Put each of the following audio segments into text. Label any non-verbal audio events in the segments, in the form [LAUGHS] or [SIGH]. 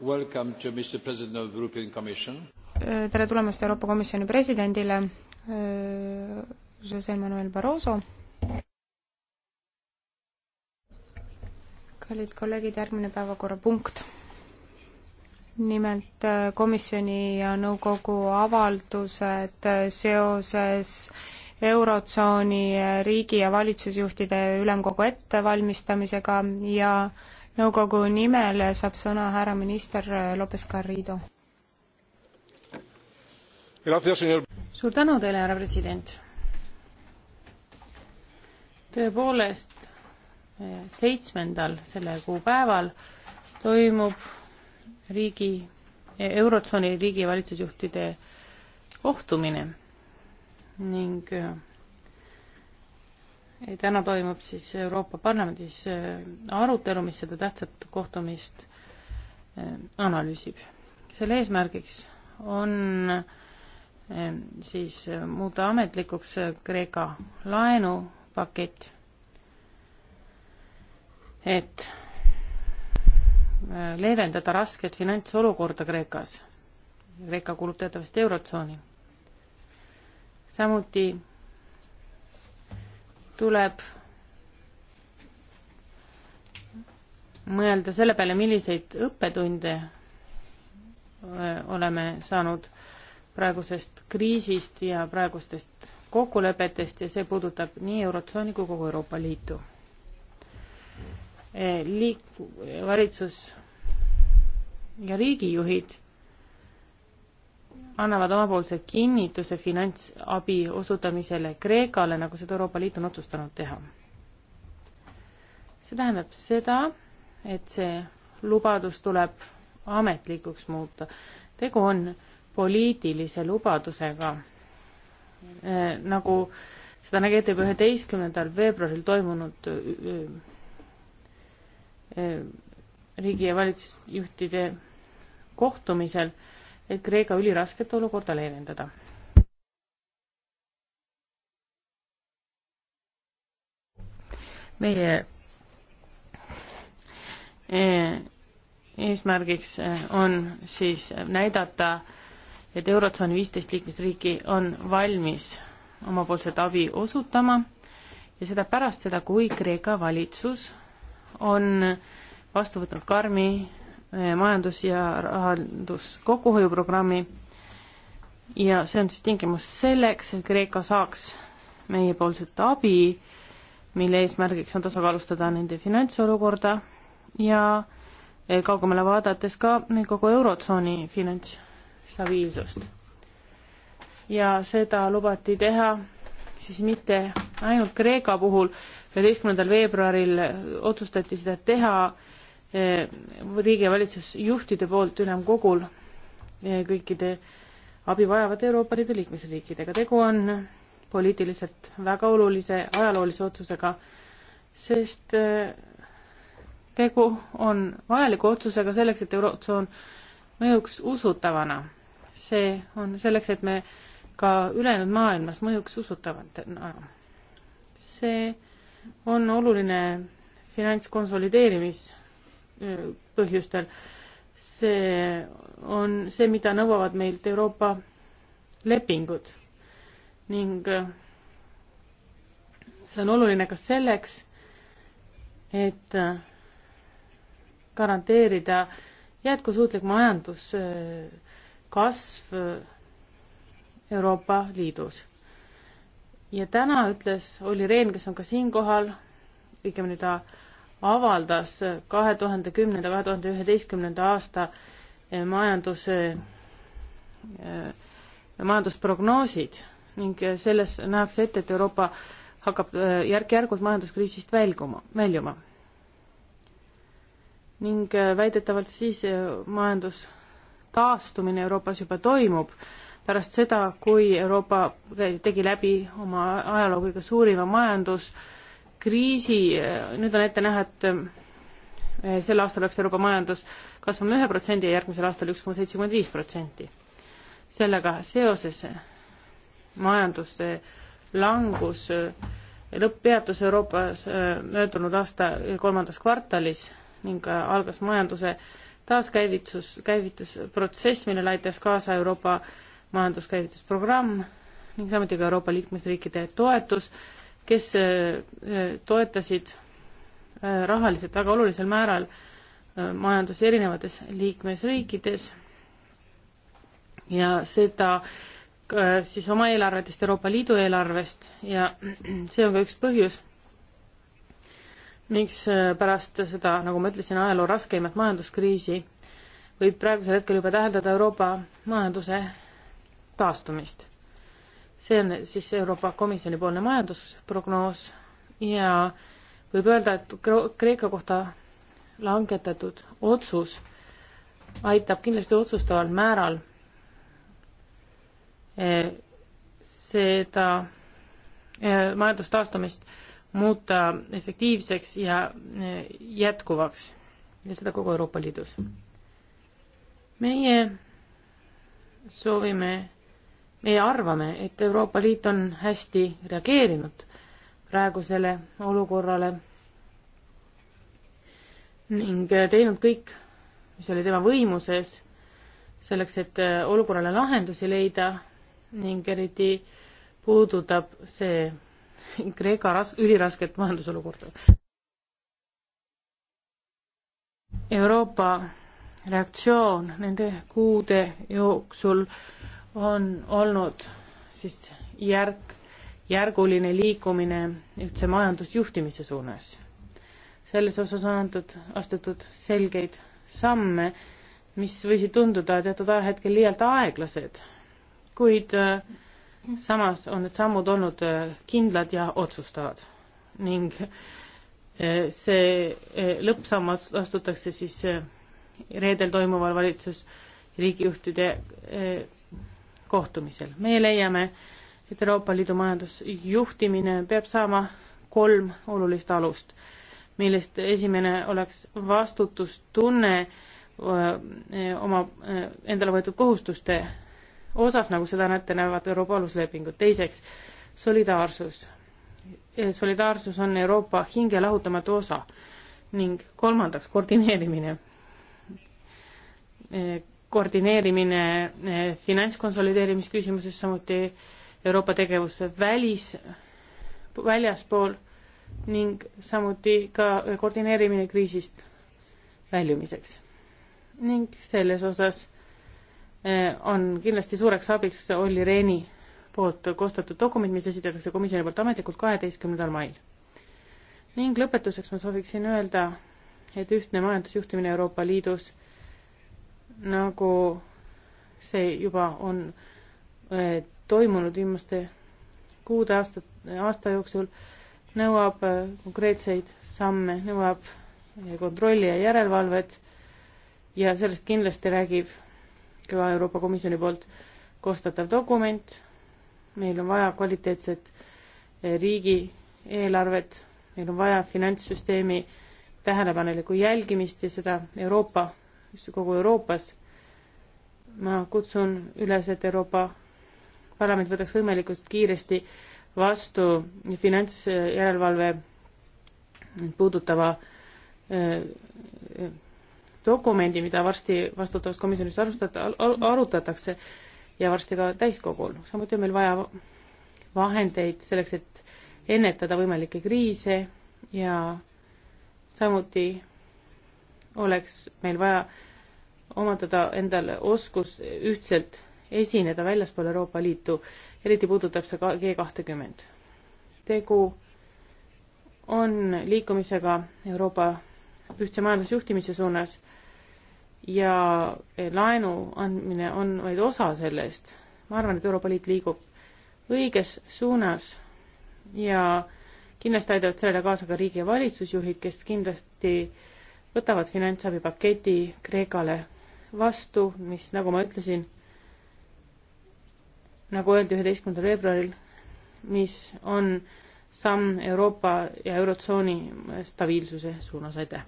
Welcome to Mr President of European Commission. Äh, tere tulemast Euroopa Komisjoni presidendile, äh, Jose Manuel Barroso. kallid kolleegid, järgmine päevakorrapunkt nimelt äh, komisjoni ja nõukogu avaldused seoses Eurotsooni riigi- ja valitsusjuhtide ülemkogu ettevalmistamisega ja nõukogu nimel saab sõna härra minister Lopez Garrido. suur tänu teile, härra president. tõepoolest, eh, seitsmendal selle kuu päeval toimub riigi, eh, Eurotsooni riigi valitsusjuhtide kohtumine ning eh, täna toimub siis Euroopa Parlamendis äh, arutelu, mis seda tähtsat kohtumist äh, analüüsib. selle eesmärgiks on äh, siis muuta ametlikuks Kreeka laenupakett, et leevendada rasket finantsolukorda Kreekas. Kreeka kuulub teatavasti Eurotsooni. samuti tuleb mõelda selle peale, milliseid õppetunde oleme saanud praegusest kriisist ja praegustest kokkulepetest ja see puudutab nii Eurotsooni kui kogu Euroopa Liitu. liik-, valitsus ja riigijuhid annavad omapoolse kinnituse finantsabi osutamisele Kreekale, nagu seda Euroopa Liit on otsustanud teha. see tähendab seda, et see lubadus tuleb ametlikuks muuta. tegu on poliitilise lubadusega, äh, nagu seda nägi ette juba üheteistkümnendal veebruaril toimunud äh, äh, riigi ja valitsusjuhtide kohtumisel et Kreeka ülirasket olukorda leevendada. meie e, eesmärgiks e, on siis näidata, et Eurotsooni viisteist liikmesriiki on valmis omapoolset abi osutama ja seda pärast seda, kui Kreeka valitsus on vastu võtnud karmi Eh, majandus- ja rahandus kokkuhoiuprogrammi ja see on siis tingimus selleks, et Kreeka saaks meiepoolset abi, mille eesmärgiks on tasakaalustada nende finantsolukorda ja eh, kaugemale vaadates ka kogu Eurotsooni finantsstabiilsust. ja seda lubati teha siis mitte ainult Kreeka puhul, üheteistkümnendal veebruaril otsustati seda teha äh, Eh, riigi ja valitsusjuhtide poolt ülemkogul eh, kõikide abi vajavate Euroopa Liidu liikmesriikidega. tegu on poliitiliselt väga olulise ajaloolise otsusega, sest eh, tegu on vajaliku otsusega selleks, et Eurotsoon mõjuks usutavana. see on selleks, et me ka ülejäänud maailmas mõjuks usutavana. see on oluline finantskonsolideerimis Äh, põhjustel. see on see, mida nõuavad meilt Euroopa lepingud ning äh, see on oluline ka selleks, et äh, garanteerida jätkusuutlik majanduskasv Euroopa Liidus. ja täna ütles Olli Rehn, kes on ka siinkohal, õigemini ta äh, avaldas kahe tuhande kümnenda, kahe tuhande üheteistkümnenda aasta eh, majanduse, eh, majandusprognoosid ning eh, selles nähakse ette, et Euroopa hakkab järk-järgult majanduskriisist välguma, väljuma. ning väidetavalt siis majandus taastumine Euroopas juba toimub pärast seda, kui Euroopa tegi läbi oma ajaloo kõige suurima majandus- kriisi, nüüd on ette näha, et eh, sel aastal peaks Euroopa majandus kasvama ühe protsendi ja järgmisel aastal üks koma seitsekümmend viis protsenti. sellega seoses majanduse langus eh, lõpppeatus Euroopas eh, möödunud aasta kolmandas kvartalis ning algas majanduse taaskäivitsus, käivitusprotsess, millele aitas kaasa Euroopa majanduskäivitusprogramm ning samuti ka Euroopa liikmesriikide toetus kes äh, äh, toetasid äh, rahaliselt väga olulisel määral majandus erinevates liikmesriikides ja seda siis oma eelarvetest, Euroopa Liidu eelarvest ja [CLEARS THROAT] see on ka üks põhjus, miks pärast seda, nagu ma ütlesin, ajaloo raskeimat majanduskriisi võib praegusel hetkel juba täheldada Euroopa majanduse taastumist see on siis Euroopa Komisjoni poolne majandusprognoos ja võib öelda, et Kreeka kohta langetatud otsus aitab kindlasti otsustaval määral eh, seda eh, majandustaastumist muuta efektiivseks ja eh, jätkuvaks ja seda kogu Euroopa Liidus. meie soovime meie arvame, et Euroopa Liit on hästi reageerinud praegusele olukorrale ning teinud kõik, mis oli tema võimuses, selleks, et olukorrale lahendusi leida ning eriti puudutab see Kreeka ras-, ülirasket majandusolukorda. Euroopa reaktsioon nende kuude jooksul on olnud siis järk, järguline liikumine üldse majandusjuhtimise suunas. selles osas on antud, astutud selgeid samme, mis võisid tunduda teatud ajahetkel liialt aeglased, kuid äh, samas on need sammud olnud äh, kindlad ja otsustavad ning äh, see lõppsammas astutakse siis reedel toimuval valitsus riigijuhtide kohtumisel. meie leiame, et Euroopa Liidu majandusjuhtimine peab saama kolm olulist alust, millest esimene oleks vastutustunne oma endale võetud kohustuste osas, nagu seda ette näevad Euroopa aluslepingud. teiseks, solidaarsus. E, solidaarsus on Euroopa hinge lahutamatu osa ning kolmandaks, koordineerimine e, koordineerimine eh, finantskonsolideerimisküsimuses, samuti Euroopa tegevuse välis, väljaspool ning samuti ka koordineerimine kriisist väljumiseks. ning selles osas eh, on kindlasti suureks abiks Olli Rehni poolt koostatud dokument, mis esitatakse komisjoni poolt ametlikult kaheteistkümnendal mail. ning lõpetuseks ma sooviksin öelda, et ühtne majandusjuhtimine Euroopa Liidus nagu see juba on eh, toimunud viimaste kuude aasta, aasta jooksul, nõuab eh, konkreetseid samme, nõuab eh, kontrolli ja järelevalvet ja sellest kindlasti räägib ka Euroopa Komisjoni poolt koostatav dokument, meil on vaja kvaliteetset riigieelarvet, meil on vaja finantssüsteemi tähelepanelikku jälgimist ja seda Euroopa kogu Euroopas. ma kutsun üles, et Euroopa Parlament võtaks võimalikult kiiresti vastu finantsjärelevalve puudutava äh, äh, dokumendi, mida varsti vastutavas komisjonis arutata, arutatakse ja varsti ka täiskogul. samuti on meil vaja vahendeid selleks, et ennetada võimalikke kriise ja samuti oleks meil vaja omandada endale oskus ühtselt esineda väljaspool Euroopa Liitu, eriti puudutab see ka G kahtekümmend. tegu on liikumisega Euroopa ühtse majandusjuhtimise suunas ja laenu andmine on vaid osa sellest. ma arvan, et Euroopa Liit liigub õiges suunas ja kindlasti aitavad sellele kaasa ka riigi ja valitsusjuhid, kes kindlasti äh, võtavad finantsabipaketi Kreekale vastu, mis, nagu ma ütlesin, nagu öeldi üheteistkümnendal veebruaril, mis on samm Euroopa ja Eurotsooni stabiilsuse suunas, aitäh!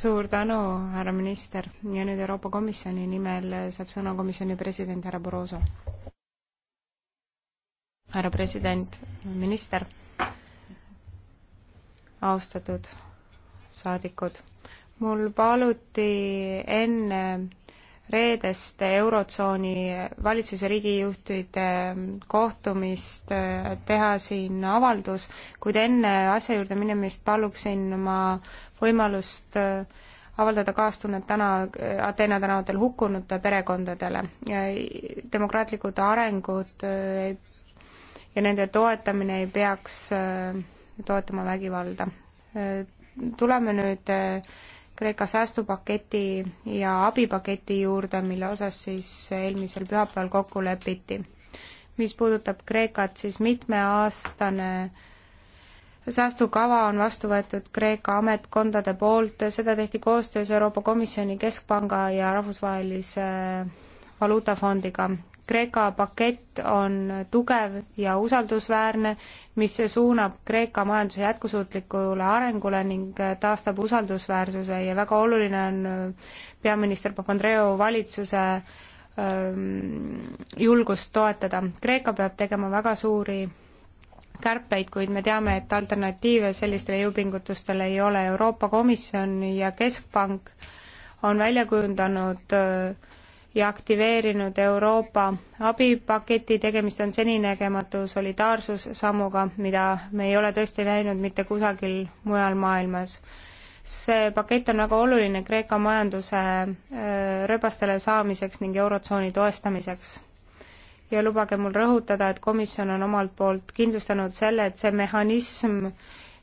suur tänu, härra minister, ja nüüd Euroopa Komisjoni nimel saab sõna komisjoni president härra Barroso härra president, minister, austatud saadikud, mul paluti enne reedest Eurotsooni valitsus- ja riigijuhtide kohtumist äh, teha siin avaldus, kuid enne asja juurde minemist paluksin ma võimalust äh, avaldada kaastunnet täna äh, Ateena tänavatel hukkunute perekondadele. demokraatlikud arengud ei ja nende toetamine ei peaks äh, toetama vägivalda. Äh, tuleme nüüd äh, Kreeka säästupaketi ja abipaketi juurde, mille osas siis eelmisel pühapäeval kokku lepiti. mis puudutab Kreekat, siis mitmeaastane säästukava on vastu võetud Kreeka ametkondade poolt, seda tehti koostöös Euroopa Komisjoni, Keskpanga ja Rahvusvahelise Valuutafondiga. Kreeka pakett on tugev ja usaldusväärne, mis suunab Kreeka majanduse jätkusuutlikule arengule ning taastab usaldusväärsuse ja väga oluline on äh, peaminister Papandreou valitsuse ähm, julgust toetada. Kreeka peab tegema väga suuri kärpeid, kuid me teame, et alternatiive sellistele jõupingutustele ei ole. Euroopa Komisjon ja Keskpank on välja kujundanud äh, ja aktiveerinud Euroopa abipaketi, tegemist on seninägematu solidaarsussammuga, mida me ei ole tõesti näinud mitte kusagil mujal maailmas. see pakett on väga oluline Kreeka majanduse äh, rööbastele saamiseks ning Eurotsooni toestamiseks ja lubage mul rõhutada, et komisjon on omalt poolt kindlustanud selle, et see mehhanism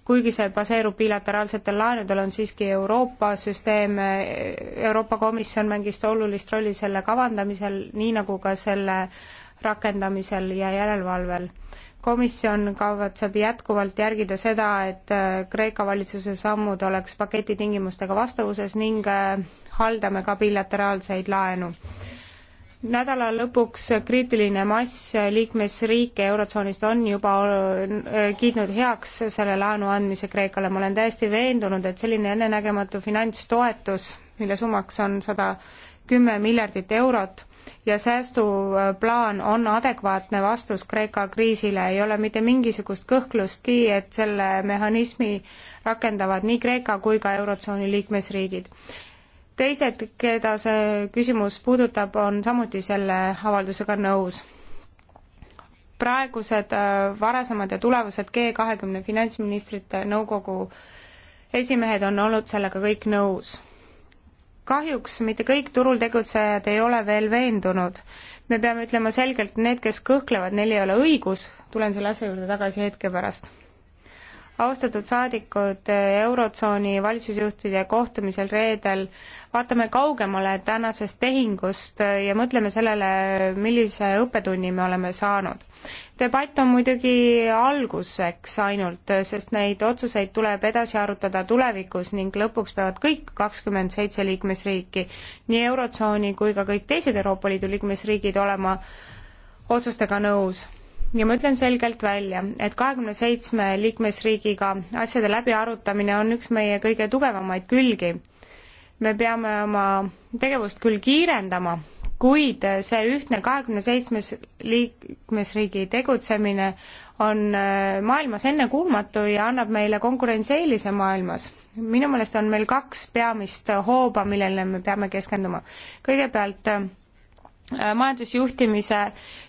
kuigi see baseerub bilateraalsetel laenudel, on siiski Euroopa süsteem, Euroopa Komisjon mängis olulist rolli selle kavandamisel, nii nagu ka selle rakendamisel ja järelevalvel. komisjon kavatseb jätkuvalt järgida seda, et äh, Kreeka valitsuse sammud oleks paketi tingimustega vastavuses ning äh, haldame ka bilateraalseid laenu nädala lõpuks kriitiline mass liikmesriike Eurotsoonist on juba äh, kiitnud heaks selle laenu andmise Kreekale. ma olen täiesti veendunud, et selline ennenägematu finantstoetus, mille summaks on sada kümme miljardit eurot ja säästuplaan on adekvaatne vastus Kreeka kriisile, ei ole mitte mingisugust kõhklustki, et selle mehhanismi rakendavad nii Kreeka kui ka Eurotsooni liikmesriigid teised, keda see küsimus puudutab, on samuti selle avaldusega nõus. praegused äh, varasemad ja tulevased G kahekümne finantsministrite nõukogu esimehed on olnud sellega kõik nõus. kahjuks mitte kõik turul tegutsejad ei ole veel veendunud. me peame ütlema selgelt, need, kes kõhklevad, neil ei ole õigus, tulen selle asja juurde tagasi hetke pärast austatud saadikud, eh, Eurotsooni valitsusjuhtide kohtumisel reedel vaatame kaugemale tänasest tehingust eh, ja mõtleme sellele, millise õppetunni me oleme saanud. debatt on muidugi alguseks ainult, eh, sest neid otsuseid tuleb edasi arutada tulevikus ning lõpuks peavad kõik kakskümmend seitse liikmesriiki, nii Eurotsooni kui ka kõik teised Euroopa Liidu liikmesriigid olema otsustega nõus ja ma ütlen selgelt välja, et kahekümne seitsme liikmesriigiga asjade läbiarutamine on üks meie kõige tugevamaid külgi. me peame oma tegevust küll kiirendama, kuid see ühtne kahekümne seitsmes liikmesriigi tegutsemine on äh, maailmas ennekuulmatu ja annab meile konkurentsieelise maailmas. minu meelest on meil kaks peamist hooba, millele me peame keskenduma. kõigepealt äh, Äh, majandusjuhtimise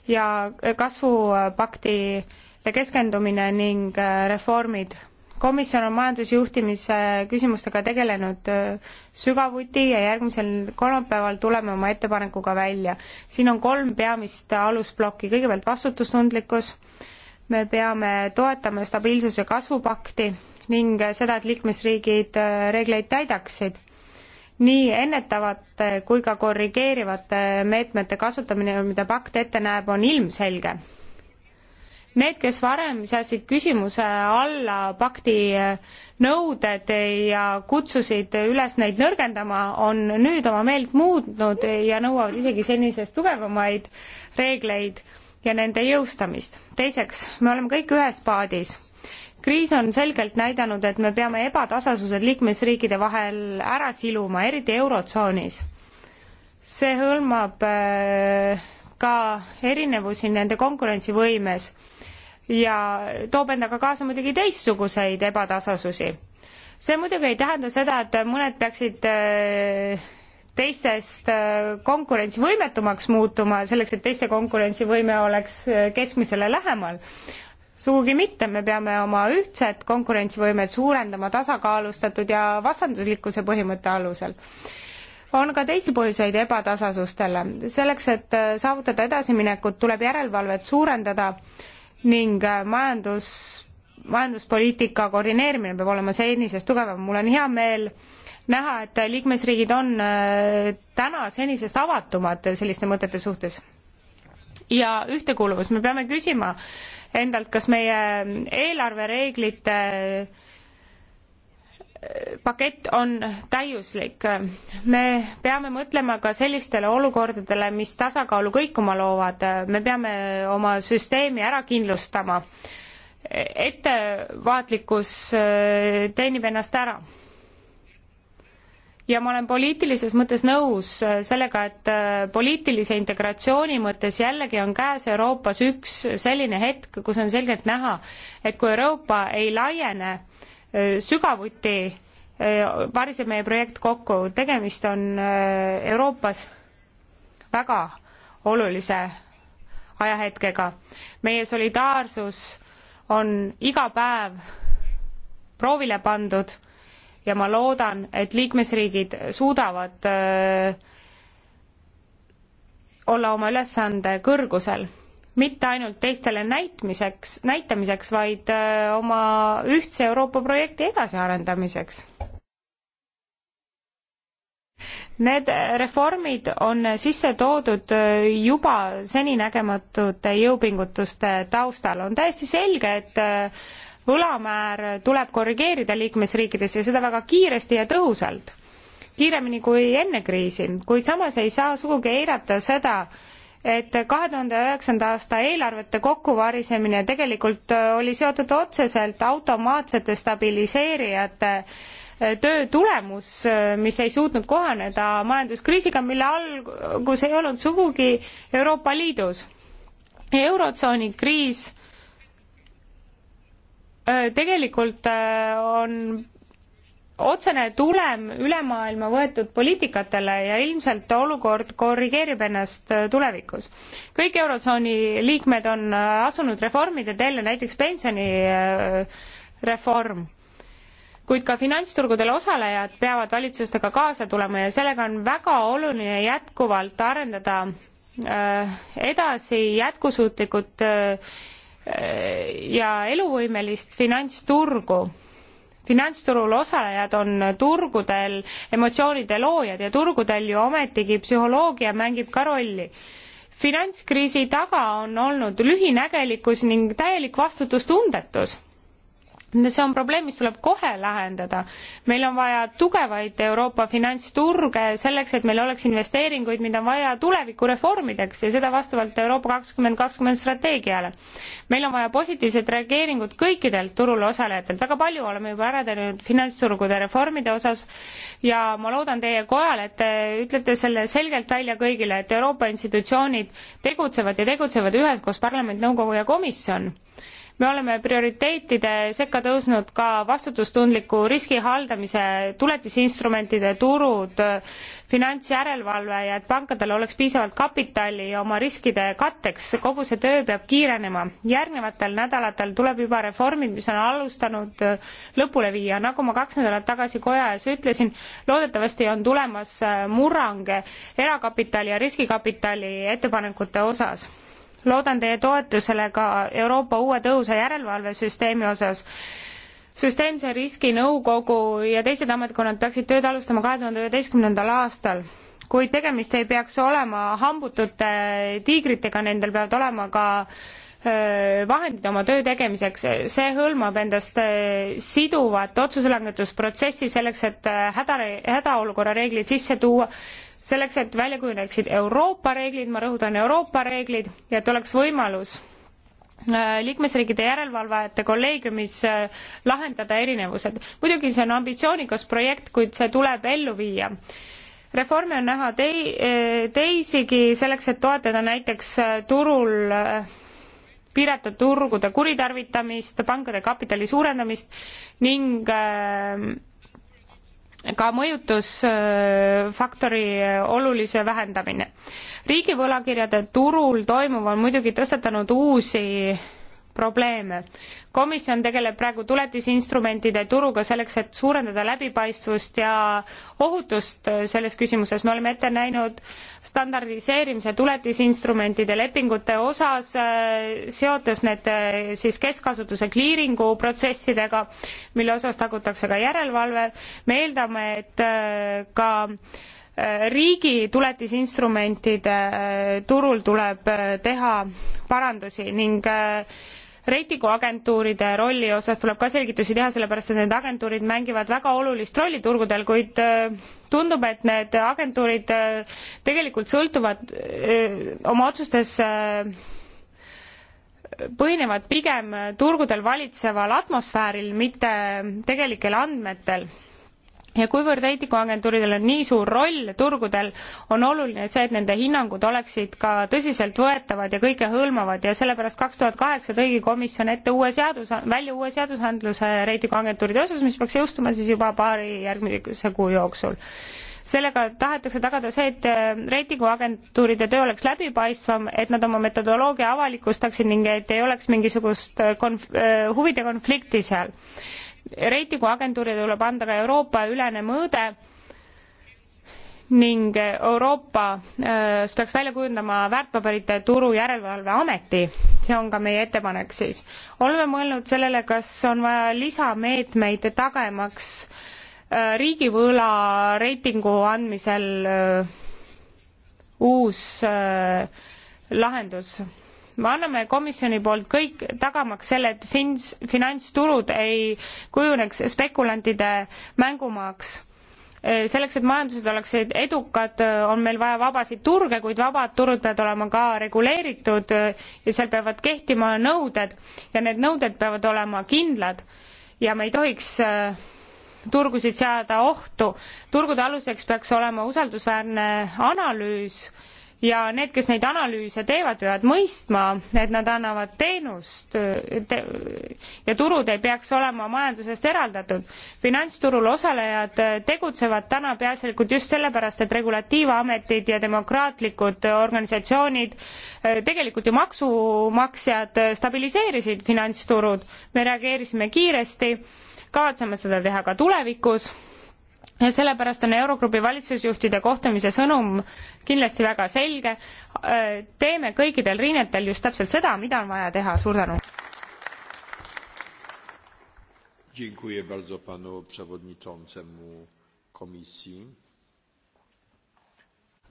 ja kasvupakti keskendumine ning äh, reformid. komisjon on majandusjuhtimise küsimustega tegelenud äh, sügavuti ja järgmisel kolmapäeval tuleme oma ettepanekuga välja. siin on kolm peamist alusplokki, kõigepealt vastutustundlikkus, me peame toetama stabiilsuse kasvupakti ning seda, et liikmesriigid reegleid täidaksid nii ennetavate kui ka korrigeerivate meetmete kasutamine, mida pakt ette näeb, on ilmselge. Need, kes varem seadsid küsimuse alla pakti nõuded ja kutsusid üles neid nõrgendama, on nüüd oma meelt muutnud ja nõuavad isegi senisest tugevamaid reegleid ja nende jõustamist. teiseks, me oleme kõik ühes paadis kriis on selgelt näidanud, et me peame ebatasasused liikmesriikide vahel ära siluma, eriti Eurotsoonis. see hõlmab äh, ka erinevusi nende konkurentsivõimes ja toob endaga kaasa muidugi teistsuguseid ebatasasusi. see muidugi ei tähenda seda, et mõned peaksid äh, teistest äh, konkurentsivõimetumaks muutuma, selleks et teiste konkurentsivõime oleks keskmisele lähemal sugugi mitte, me peame oma ühtset konkurentsivõimet suurendama tasakaalustatud ja vastanduslikkuse põhimõtte alusel. on ka teisi põhjuseid ebatasasustele. selleks, et äh, saavutada edasiminekut, tuleb järelevalvet suurendada ning äh, majandus, majanduspoliitika koordineerimine peab olema senisest tugevam. mul on hea meel näha, et liikmesriigid on äh, täna senisest avatumad selliste mõtete suhtes. ja ühtekuuluvus, me peame küsima, endalt, kas meie eelarvereeglite äh, pakett on täiuslik. me peame mõtlema ka sellistele olukordadele, mis tasakaalu kõikuma loovad, me peame oma süsteemi ära kindlustama. ettevaatlikkus äh, teenib ennast ära ja ma olen poliitilises mõttes nõus äh, sellega, et äh, poliitilise integratsiooni mõttes jällegi on käes Euroopas üks selline hetk, kus on selgelt näha, et kui Euroopa ei laiene äh, sügavuti, variseb meie projekt kokku, tegemist on Euroopas väga olulise ajahetkega. meie solidaarsus on iga päev proovile pandud ja ma loodan, et liikmesriigid suudavad öö, äh, olla oma ülesande kõrgusel. mitte ainult teistele näitmiseks, näitamiseks, vaid öö, äh, oma ühtse Euroopa projekti edasiarendamiseks. Need reformid on sisse toodud äh, juba seninägematute jõupingutuste taustal. on täiesti selge, et võlamäär tuleb korrigeerida liikmesriikides ja seda väga kiiresti ja tõhusalt, kiiremini kui enne kriisi, kuid samas ei saa sugugi eirata seda, et kahe tuhande üheksanda aasta eelarvete kokkuvarisemine tegelikult oli seotud otseselt automaatsete stabiliseerijate äh, töö tulemus, äh, mis ei suutnud kohaneda majanduskriisiga, mille algus ei olnud sugugi Euroopa Liidus. eurotsooni kriis äh, tegelikult on otsene tulem üle maailma võetud poliitikatele ja ilmselt olukord korrigeerib ennast tulevikus. kõik Eurotsooni liikmed on asunud reformide teele, näiteks pensionireform. kuid ka finantsturgudel osalejad peavad valitsustega kaasa tulema ja sellega on väga oluline jätkuvalt arendada edasi jätkusuutlikud ja eluvõimelist finantsturgu finantsturul osalejad on turgudel emotsioonide loojad ja turgudel ju ometigi psühholoogia mängib ka rolli. finantskriisi taga on olnud lühinägelikkus ning täielik vastutustundetus see on probleem, mis tuleb kohe lahendada. meil on vaja tugevaid Euroopa finantsturge selleks, et meil oleks investeeringuid, mida on vaja tulevikureformideks ja seda vastavalt Euroopa kakskümmend kakskümmend strateegiale. meil on vaja positiivset reageeringut kõikidelt turul osalejatelt, väga palju oleme juba ära teinud finantsturgude reformide osas ja ma loodan teie kojal, et te ütlete selle selgelt välja kõigile, et Euroopa institutsioonid tegutsevad ja tegutsevad üheskoos, parlament, nõukogu ja komisjon me oleme prioriteetide sekka tõusnud ka vastutustundliku riski haldamise tuletisinstrumentide turud finantsjärelevalve ja et pankadel oleks piisavalt kapitali oma riskide katteks kogu see töö peab kiirenema järgnevatel nädalatel tuleb juba reformid mis on alustanud lõpule viia nagu ma kaks nädalat tagasi koja ees ütlesin loodetavasti on tulemas murrang erakapitali ja riskikapitali ettepanekute osas loodan teie toetusele ka Euroopa uue tõhusa järelevalvesüsteemi osas süsteemse riski nõukogu ja teised ametkonnad peaksid tööd alustama kahe tuhande üheteistkümnendal aastal, kuid tegemist ei peaks olema hambutute tiigritega, nendel peavad olema ka Äh, vahendid oma töö tegemiseks, see hõlmab endast äh, siduvat otsuselangetusprotsessi selleks, et äh, häda, hädaolukorra reeglid sisse tuua, selleks, et välja kujuneksid Euroopa reeglid, ma rõhutan, Euroopa reeglid, ja et oleks võimalus liikmesriikide järelevalvajate kolleegiumis lahendada erinevused. muidugi see on ambitsioonikas projekt, kuid see tuleb ellu viia reforme on näha tei-, teisigi selleks, et toetada näiteks turul piirata turgude kuritarvitamist, pankade kapitali suurendamist ning äh, ka mõjutusfaktori äh, olulise vähendamine. riigivõlakirjade turul toimuv on muidugi tõstatanud uusi probleeme. komisjon tegeleb praegu tuletisinstrumentide turuga selleks, et suurendada läbipaistvust ja ohutust selles küsimuses. me oleme ette näinud standardiseerimise tuletisinstrumentide lepingute osas, äh, seotes need äh, siis keskkasutuse kliiringu protsessidega, mille osas tagutakse ka järelevalve. me eeldame, et äh, ka riigi tuletisinstrumentide turul tuleb teha parandusi ning reitinguagentuuride rolli osas tuleb ka selgitusi teha, sellepärast et need agentuurid mängivad väga olulist rolli turgudel, kuid äh, tundub, et need agentuurid äh, tegelikult sõltuvad öö, äh, oma otsustes öö, põhinevad pigem turgudel valitseval atmosfääril, mitte tegelikel andmetel ja kuivõrd reitinguagentuuridel on nii suur roll turgudel, on oluline see, et nende hinnangud oleksid ka tõsiseltvõetavad ja kõikehõlmavad ja sellepärast kaks tuhat kaheksa tõigi komisjon ette uue seadus, välja uue seadusandluse reitinguagentuuride osas, mis peaks jõustuma siis juba paari järgmise kuu jooksul. sellega tahetakse tagada see, et äh, reitinguagentuuride töö oleks läbipaistvam, et nad oma metodoloogia avalikustaksid ning et ei oleks mingisugust äh, konf-, äh, huvide konflikti seal reitinguagentuurile tuleb anda ka Euroopa ülene mõõde ning Euroopas äh, peaks välja kujundama väärtpaberite turu järelevalveameti, see on ka meie ettepanek siis. oleme mõelnud sellele, kas on vaja lisameetmeid tagamaks äh, riigivõla reitingu andmisel äh, uus lahendus me anname komisjoni poolt kõik tagamaks selle, et fins-, finantsturud ei kujuneks spekulantide mängumaaks. Eh, selleks, et majandused oleksid edukad, eh, on meil vaja vabasid turge, kuid vabad turud peavad olema ka reguleeritud eh, ja seal peavad kehtima nõuded ja need nõuded peavad olema kindlad ja me ei tohiks turgusid seada ohtu. turgude aluseks peaks olema usaldusväärne analüüs ja need, kes neid analüüse teevad, peavad mõistma, et nad annavad teenust te, ja turud ei peaks olema majandusest eraldatud. finantsturul osalejad tegutsevad täna peaasjalikult just sellepärast, et regulatiivametid ja demokraatlikud organisatsioonid, tegelikult ju maksumaksjad stabiliseerisid finantsturud, me reageerisime kiiresti, kavatseme seda teha ka tulevikus ja sellepärast on Eurogrupi valitsusjuhtide kohtumise sõnum kindlasti väga selge. teeme kõikidel riinetel just täpselt seda, mida on vaja teha. suur tänu. Dziękuję bardzo panu przewodniczącemu komisji.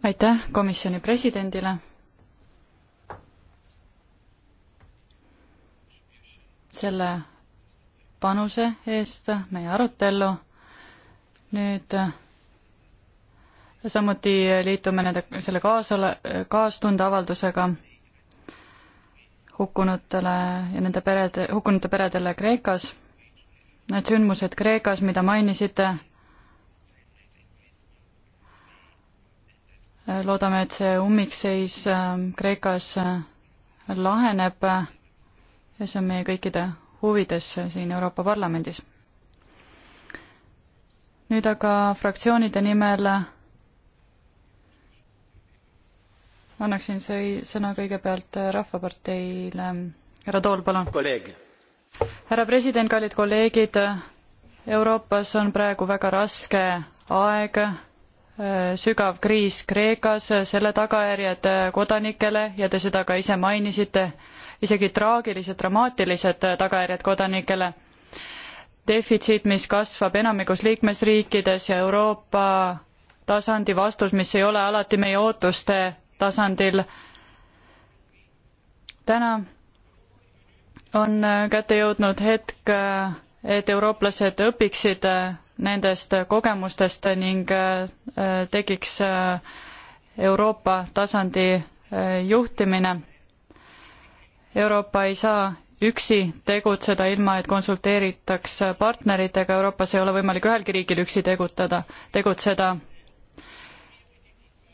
aitäh komisjoni presidendile. selle panuse eest meie arutellu nüüd samuti liitume nende, selle kaasole, kaastunde avaldusega hukkunutele ja nende perede, hukkunute peredele Kreekas. Need sündmused Kreekas, mida mainisite, loodame, et see ummikseis ähm, Kreekas äh, laheneb ja see on meie kõikide huvides siin Euroopa Parlamendis nüüd aga fraktsioonide nimel annaksin sõi-, sõna kõigepealt Rahvaparteile. härra Tool, palun. härra president, kallid kolleegid, Euroopas on praegu väga raske aeg, sügav kriis Kreekas, selle tagajärjed kodanikele ja te seda ka ise mainisite, isegi traagilised, dramaatilised tagajärjed kodanikele defitsiit, mis kasvab enamikus liikmesriikides ja Euroopa tasandi vastus, mis ei ole alati meie ootuste tasandil. täna on kätte jõudnud hetk, et eurooplased õpiksid nendest kogemustest ning äh, tekiks äh, Euroopa tasandi äh, juhtimine. Euroopa ei saa üksi tegutseda, ilma et konsulteeritaks partneritega, Euroopas ei ole võimalik ühelgi riigil üksi tegutada, tegutseda.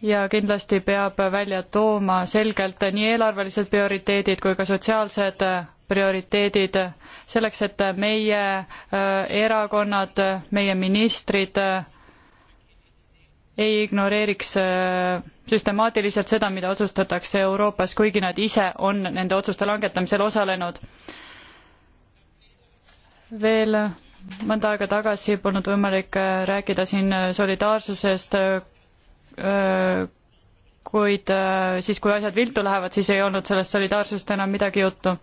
ja kindlasti peab välja tooma selgelt nii eelarvelised prioriteedid kui ka sotsiaalsed prioriteedid selleks, et meie äh, erakonnad, meie ministrid ei ignoreeriks äh, süstemaatiliselt seda, mida otsustatakse Euroopas, kuigi nad ise on nende otsuste langetamisel osalenud. veel mõnda aega tagasi polnud võimalik äh, rääkida siin äh, solidaarsusest, kuid siis, kui asjad viltu lähevad, siis ei olnud sellest solidaarsust enam midagi juttu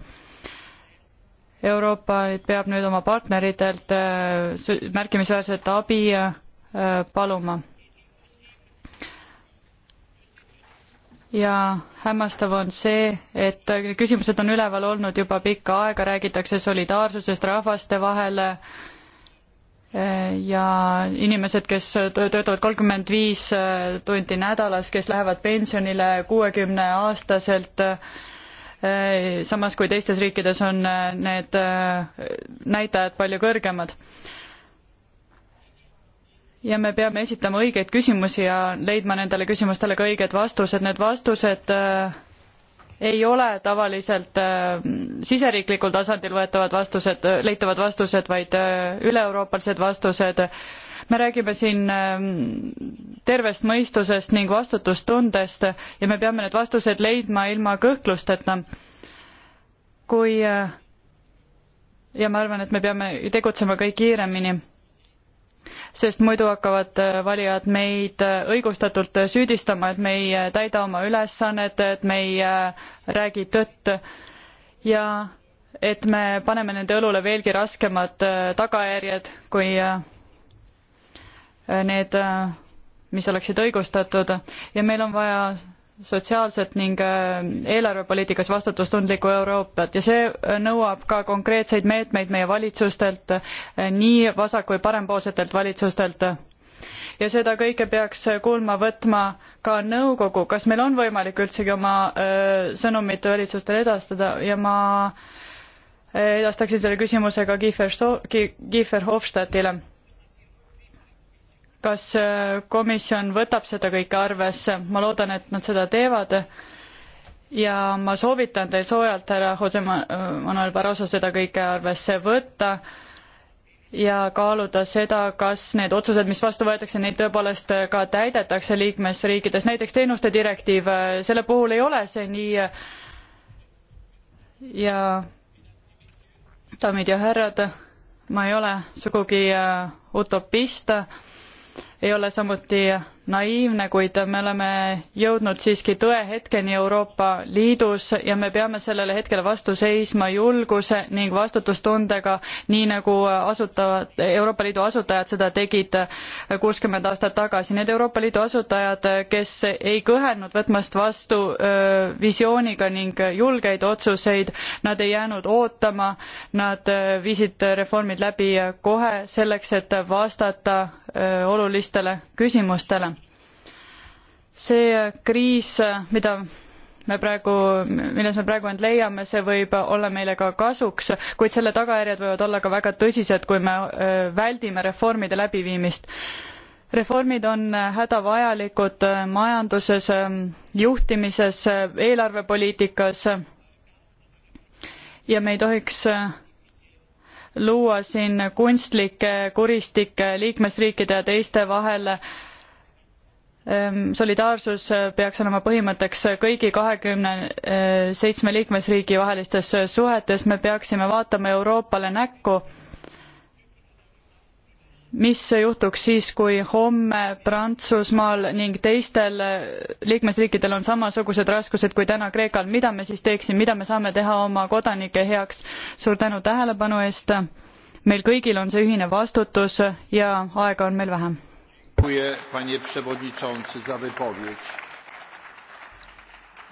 Euroopa peab nüüd oma partneritelt märkimisväärset abi paluma. ja hämmastav on see, et küsimused on üleval olnud juba pikka aega, räägitakse solidaarsusest rahvaste vahel eh, ja inimesed, kes töötavad kolmkümmend viis eh, tundi nädalas, kes lähevad pensionile kuuekümne aastaselt, eh, samas kui teistes riikides on need näitajad palju kõrgemad ja me peame esitama õigeid küsimusi ja leidma nendele küsimustele ka õiged vastused, need vastused äh, ei ole tavaliselt äh, siseriiklikul tasandil võetavad vastused, äh, leitavad vastused, vaid äh, üle-euroopalised vastused. me räägime siin äh, tervest mõistusest ning vastutustundest ja me peame need vastused leidma ilma kõhklusteta. kui äh, ja ma arvan, et me peame tegutsema kõik kiiremini sest muidu hakkavad äh, valijad meid äh, õigustatult äh, süüdistama, et me ei täida oma ülesannet, et me ei räägi tõtt ja et me paneme nende õlule veelgi raskemad tagajärjed, kui need, mis oleksid õigustatud ja meil on vaja sotsiaalset ning äh, eelarvepoliitikas vastutustundlikku Euroopat ja see äh, nõuab ka konkreetseid meetmeid meie valitsustelt, äh, nii vasak- kui parempoolsetelt valitsustelt. ja seda kõike peaks kuulma võtma ka nõukogu, kas meil on võimalik üldsegi oma sõnumit valitsustele edastada ja ma edastaksin selle küsimuse ka Kiefer, Kiefer Hofstadile kas äh, komisjon võtab seda kõike arvesse, ma loodan, et nad seda teevad ja ma soovitan teil soojalt, härra Jose äh, Manuel Barroso, seda kõike arvesse võtta ja kaaluda seda, kas need otsused, mis vastu võetakse, neid tõepoolest äh, ka täidetakse liikmesriikides, näiteks teenuste direktiiv, selle puhul ei ole see nii ja daamid ja härrad, ma ei ole sugugi utopist, ei ole samuti naiivne, kuid me oleme jõudnud siiski tõehetkeni Euroopa Liidus ja me peame sellele hetkele vastu seisma julguse ning vastutustundega, nii nagu asutavad, Euroopa Liidu asutajad seda tegid kuuskümmend aastat tagasi. Need Euroopa Liidu asutajad, kes ei kõhelnud võtmast vastu visiooniga ning julgeid otsuseid, nad ei jäänud ootama, nad viisid reformid läbi kohe selleks, et vastata olulistele küsimustele see kriis, mida me praegu, milles me praegu end leiame, see võib olla meile ka kasuks, kuid selle tagajärjed võivad olla ka väga tõsised, kui me väldime reformide läbiviimist. reformid on hädavajalikud majanduses, juhtimises, eelarvepoliitikas ja me ei tohiks luua siin kunstlikke kuristikke liikmesriikide ja teiste vahele äh, Ehm, solidaarsus äh, peaks olema põhimõtteks kõigi kahekümne äh, seitsme liikmesriigi vahelistes suhetes, me peaksime vaatama Euroopale näkku, mis juhtuks siis, kui homme Prantsusmaal ning teistel äh, liikmesriikidel on samasugused raskused kui täna Kreekal, mida me siis teeksime, mida me saame teha oma kodanike heaks? suur tänu tähelepanu eest, meil kõigil on see ühine vastutus ja aega on meil vähem Dziękuję panie przewodniczący za wypowiedź.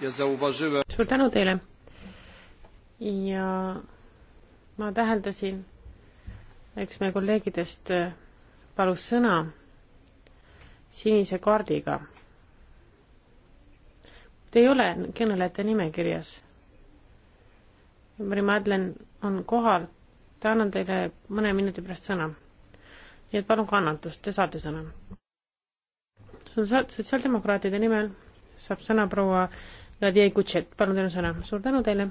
Ja zauważyłem... Suur tänu teile. Ja ma täheldasin, üks meie kolleegidest eh, palus sõna sinise kaardiga. Te ei ole kõnelejate nimekirjas. Mari Madlen on kohal, ta annan teile mõne minuti pärast sõna nii et palun kannatust, te saate sõna. sotsiaaldemokraatide nimel saab sõna proua Nadia Kutšet, palun teile sõna. suur tänu teile.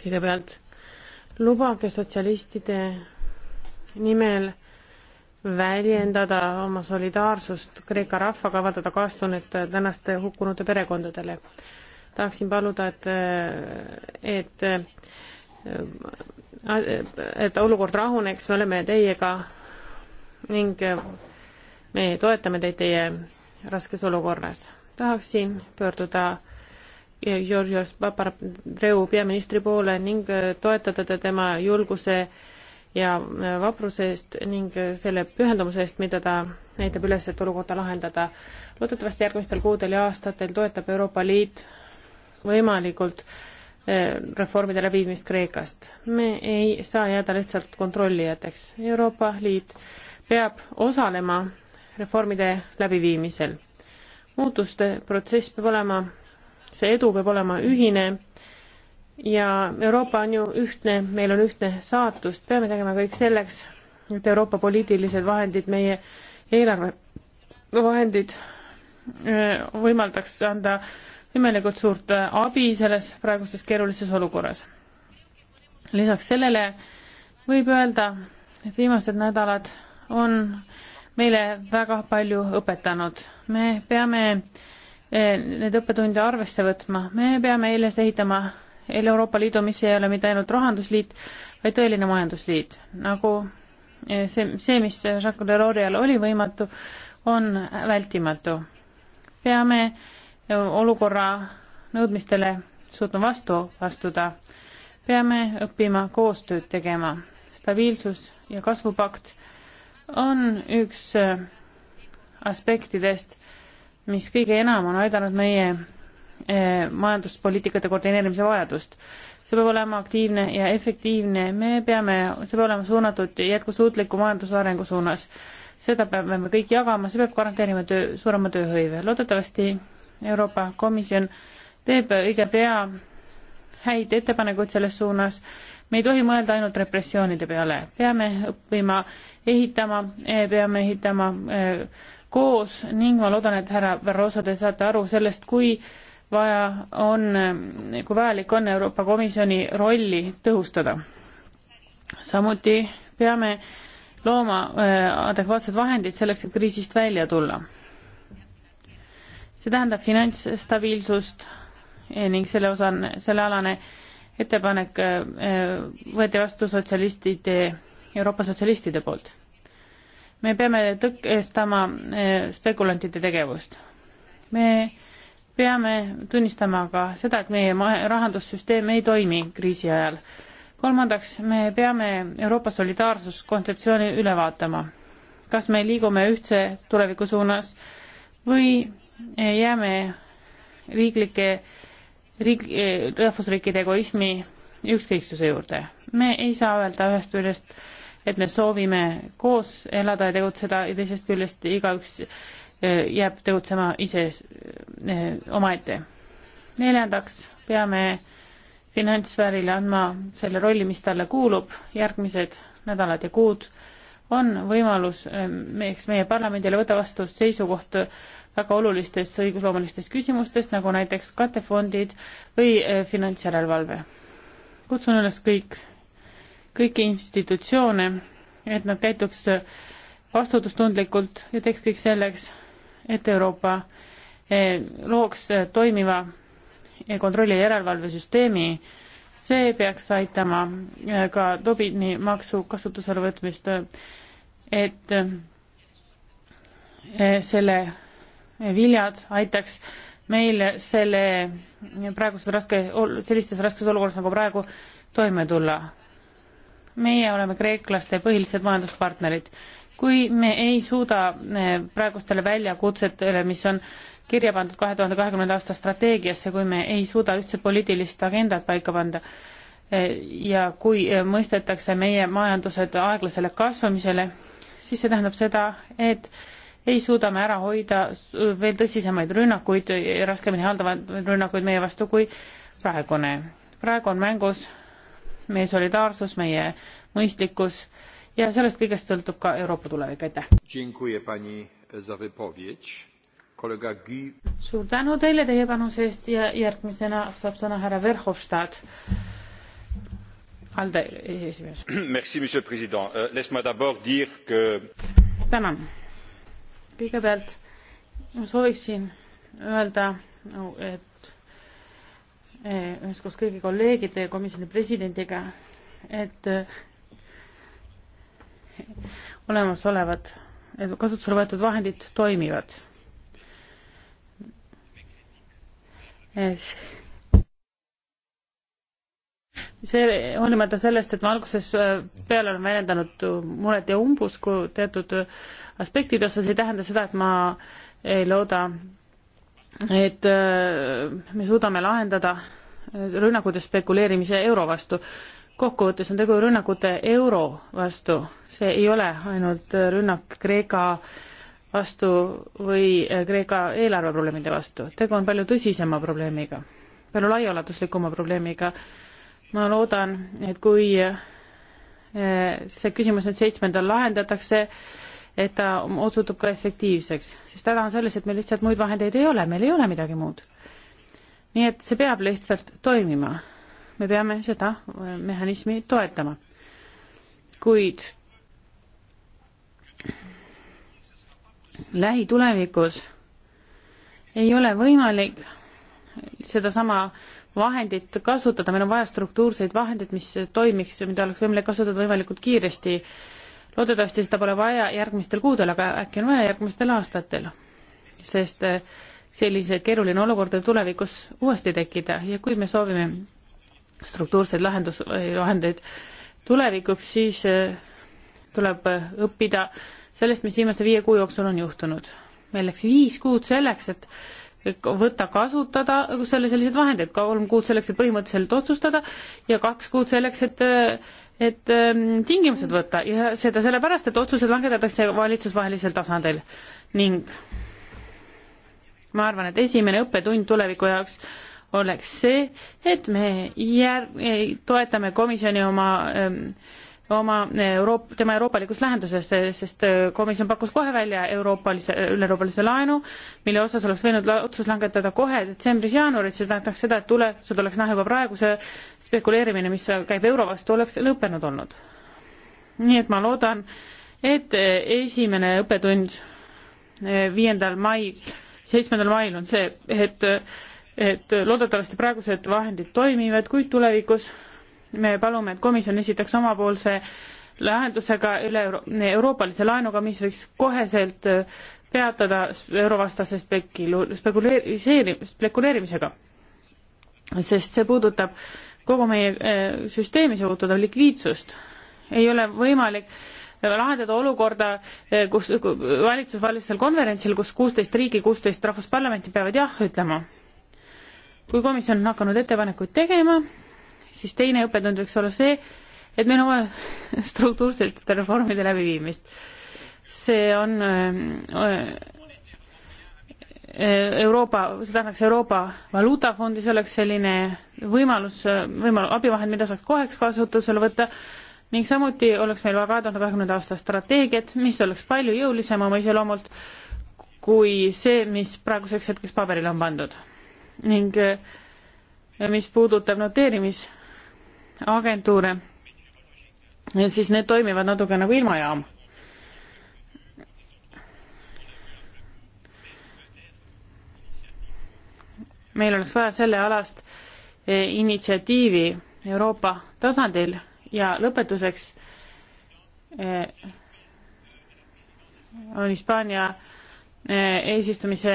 kõigepealt lubage sotsialistide nimel väljendada oma solidaarsust Kreeka rahvaga, avaldada kaastunnet tänaste hukkunute perekondadele. tahaksin paluda, et, et et olukord rahuneks, me oleme teiega ning me toetame teid teie raskes olukorras. tahaksin pöörduda Georgios Papadreu peaministri poole ning toetada ta tema julguse ja vapruse eest ning selle pühendumuse eest, mida ta näitab üles, et olukorda lahendada. loodetavasti järgmistel kuudel ja aastatel toetab Euroopa Liit võimalikult äh, reformide läbiviimist Kreekast. me ei saa jääda lihtsalt kontrollijateks. Euroopa Liit peab osalema reformide läbiviimisel. muutuste protsess peab olema, see edu peab olema ühine ja Euroopa on ju ühtne, meil on ühtne saatus, peame tegema kõik selleks, et Euroopa poliitilised vahendid, meie eelarvevahendid eh, võimaldaks anda äh, imelikult suurt äh, abi selles praeguses keerulises olukorras. lisaks sellele võib öelda, et viimased nädalad on meile väga palju õpetanud. me peame äh, neid õppetunde arvesse võtma, me peame üles ehitama Euroopa Liidu, mis ei ole mitte ainult rahandusliit, vaid tõeline majandusliit. nagu äh, see, see, mis Jacques Delorial oli võimatu, on vältimatu. peame äh, olukorra nõudmistele suutnud vastu astuda, peame õppima koostööd tegema. stabiilsus ja kasvupakt on üks äh, aspektidest, mis kõige enam on aidanud meie äh, majanduspoliitikate koordineerimise vajadust. see peab olema aktiivne ja efektiivne, me peame, see peab olema suunatud jätkusuutliku majandusarengu suunas. seda peame me kõik jagama, see peab garanteerima töö, suurema tööhõive. loodetavasti Euroopa Komisjon teeb õige pea häid ettepanekuid selles suunas. me ei tohi mõelda ainult repressioonide peale, peame õppima ehitama, eh, peame ehitama eh, koos ning ma loodan, et härra Barroso, te saate aru sellest, kui vaja on, eh, kui vajalik on Euroopa Komisjoni rolli tõhustada. samuti peame looma adekvaatsed vahendid selleks, et kriisist välja tulla see tähendab finantsstabiilsust eh, ning selle osa, sellealane ettepanek eh, võeti vastu sotsialistide, Euroopa sotsialistide poolt. me peame tõkestama eh, spekulantide tegevust. me peame tunnistama ka seda, et meie rahandussüsteem ei toimi kriisi ajal. kolmandaks, me peame Euroopa solidaarsuskontseptsiooni üle vaatama. kas me liigume ühtse tuleviku suunas või jääme riiklike, riik, rahvusriikide egoismi ükskõiksuse juurde. me ei saa öelda ühest küljest, et me soovime koos elada ja tegutseda ja teisest küljest igaüks eh, jääb tegutsema ise eh, omaette. neljandaks peame finantssfäärile andma selle rolli, mis talle kuulub, järgmised nädalad ja kuud on võimalus, eh, eks meie parlamendile võtta vastu seisukoht väga olulistes õigusloomelistes küsimustes, nagu näiteks kattefondid või eh, finantsjärelevalve. kutsun üles kõik, kõiki institutsioone, et nad käituks eh, vastutustundlikult ja teeks kõik selleks, et Euroopa eh, looks toimiva kontrolli- ja järelevalvesüsteemi, see peaks aitama ka Tobini maksu kasutusele võtmist, et selle viljad aitaks meil selle praeguses raske, sellistes raskes olukorras nagu praegu toime tulla. meie oleme kreeklaste põhilised majanduspartnerid. kui me ei suuda eh, praegustele väljakutsetele, mis on kirja pandud kahe tuhande kahekümnenda aasta strateegiasse, kui me ei suuda ühtset poliitilist agendat paika panda eh, ja kui eh, mõistetakse meie majandused aeglasele kasvamisele, siis see tähendab seda, et ei suuda me ära hoida veel tõsisemaid rünnakuid, raskemini haldavaid rünnakuid meie vastu kui praegune. praegu on mängus meie solidaarsus, meie mõistlikkus ja sellest kõigest sõltub ka Euroopa tulevik, aitäh! suur tänu teile teie panuse eest ja järgmisena saab sõna härra Verhofstadt. Alde esimees. [CLEARS THROAT] Euh, tänan kõigepealt ma sooviksin öelda no,, et e, üheskoos kõigi kolleegide ja komisjoni presidendiga, et e, olemasolevad, kasutusele võetud vahendid toimivad see hoolimata sellest, et ma alguses äh, peale olen väljendanud äh, muret ja umbusku teatud äh, aspektide osas, ei tähenda seda, et ma ei looda, et me suudame lahendada rünnakute spekuleerimise euro vastu. kokkuvõttes on tegu rünnakute euro vastu, see ei ole ainult rünnak Kreeka vastu või Kreeka eelarveprobleemide vastu, tegu on palju tõsisema probleemiga, palju laiaulatuslikuma probleemiga ma loodan, et kui eh, see küsimus nüüd seitsmendal lahendatakse, et ta osutub ka efektiivseks, sest häda on selles, et meil lihtsalt muid vahendeid ei ole, meil ei ole midagi muud. nii et see peab lihtsalt toimima. me peame seda eh, mehhanismi toetama. kuid lähitulevikus ei ole võimalik sedasama vahendit kasutada, meil on vaja struktuurseid vahendeid, mis toimiks ja mida oleks võimalik kasutada võimalikult kiiresti. loodetavasti seda pole vaja järgmistel kuudel, aga äkki on vaja järgmistel aastatel, sest eh, sellise keeruline olukord võib tulevikus uuesti tekkida ja kui me soovime struktuurseid lahendus, vahendeid tulevikuks, siis eh, tuleb õppida sellest, mis viimase viie kuu jooksul on juhtunud. meil läks viis kuud selleks, et võtta kasutada selle, selliseid vahendeid, kolm kuud selleks, et põhimõtteliselt otsustada ja kaks kuud selleks, et et ähm, tingimused võtta ja seda sellepärast, et otsused langetatakse valitsusvahelisel tasandil ning ma arvan, et esimene õppetund tuleviku jaoks oleks see, et me jär-, toetame komisjoni oma öö, ähm, oma eh, Euroop-, tema euroopalikust lähendusest, eh, sest eh, komisjon pakkus kohe välja euroopalise, üleeuroopalise laenu, mille osas oleks võinud la-, otsus langetada kohe detsembris-jaanuaris, see tähendaks seda, et tule, see tuleks näha juba praegu, see spekuleerimine, mis käib euro vastu, oleks lõppenud olnud. nii et ma loodan, et esimene õppetund viiendal mail, seitsmendal mail on see, et et loodetavasti praegused vahendid toimivad, kuid tulevikus me palume, et komisjon esitaks omapoolse lahendusega üle Euro euroopalise laenuga, mis võiks koheselt äh, peatada eurovastase spekulu-, spekuleeriseeri-, spekuleerimisega. sest see puudutab kogu meie äh, süsteemi, see puudutab likviidsust. ei ole võimalik lahendada olukorda, äh, kus valitsus valitsusel konverentsil, kus kuusteist riigi, kuusteist rahvusparlamenti peavad jah ütlema. kui komisjon on hakanud ettepanekuid tegema, siis teine õppetund võiks olla see, et meil on vaja [LAUGHS] struktuursete reformide läbiviimist. see on äh, äh, Euroopa, seda annaks Euroopa Valuutafondi, see oleks selline võimalus, võimalus, abivahend, mida saaks koheks kasutusele võtta ning samuti oleks meil vaja kahe tuhande kahekümnenda aasta strateegiat, mis oleks palju jõulisem oma iseloomult kui see, mis praeguseks hetkeks paberile on pandud. ning äh, mis puudutab noteerimis- agentuure, siis need toimivad natuke nagu ilmajaam. meil oleks vaja sellealast e, initsiatiivi Euroopa tasandil ja lõpetuseks e, on Hispaania e, eesistumise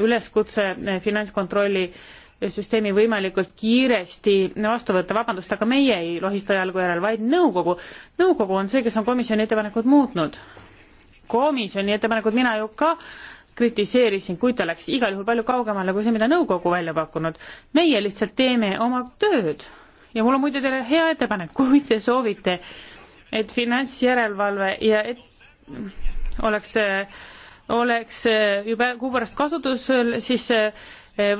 üleskutse finantskontrolli süsteemi võimalikult kiiresti vastu võtta, vabandust, aga meie ei lohista jalgu järel, vaid nõukogu. nõukogu on see, kes on komisjoni ettepanekud muutnud. komisjoni ettepanekud mina ju ka kritiseerisin, kuid ta läks igal juhul palju kaugemale kui see, mida nõukogu välja pakkunud. meie lihtsalt teeme oma tööd ja mul on muide teile hea ettepanek, kui te soovite, et finantsjärelevalve ja et oleks, oleks juba kuu pärast kasutusel, siis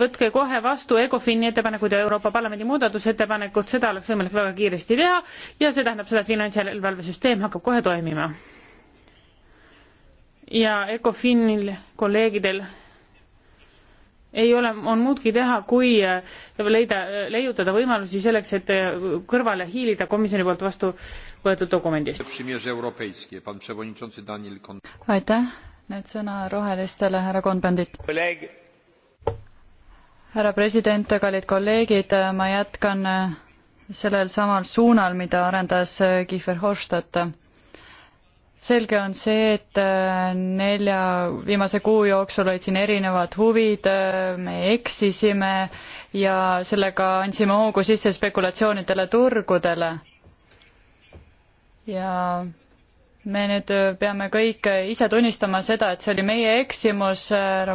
võtke kohe vastu ECOFIN-i ettepanekud ja Euroopa Parlamendi muudatusettepanekud, seda oleks võimalik väga kiiresti teha ja see tähendab seda, et finantsjärelevalvesüsteem hakkab kohe toimima. ja ECOFIN-il, kolleegidel ei ole, on muudki teha, kui äh, leida, äh, leiutada võimalusi selleks, et äh, kõrvale hiilida komisjoni poolt vastu võetud dokumendist. aitäh, nüüd sõna rohelistele, härra Konbendit. kolleeg härra president, kallid kolleegid, ma jätkan äh, sellel samal suunal, mida arendas äh, Kiefer Hofstadt. selge on see, et äh, nelja viimase kuu jooksul olid siin erinevad huvid, me eksisime ja sellega andsime hoogu sisse spekulatsioonidele turgudele ja me nüüd äh, peame kõik äh, ise tunnistama seda, et see oli meie eksimus, äh, härra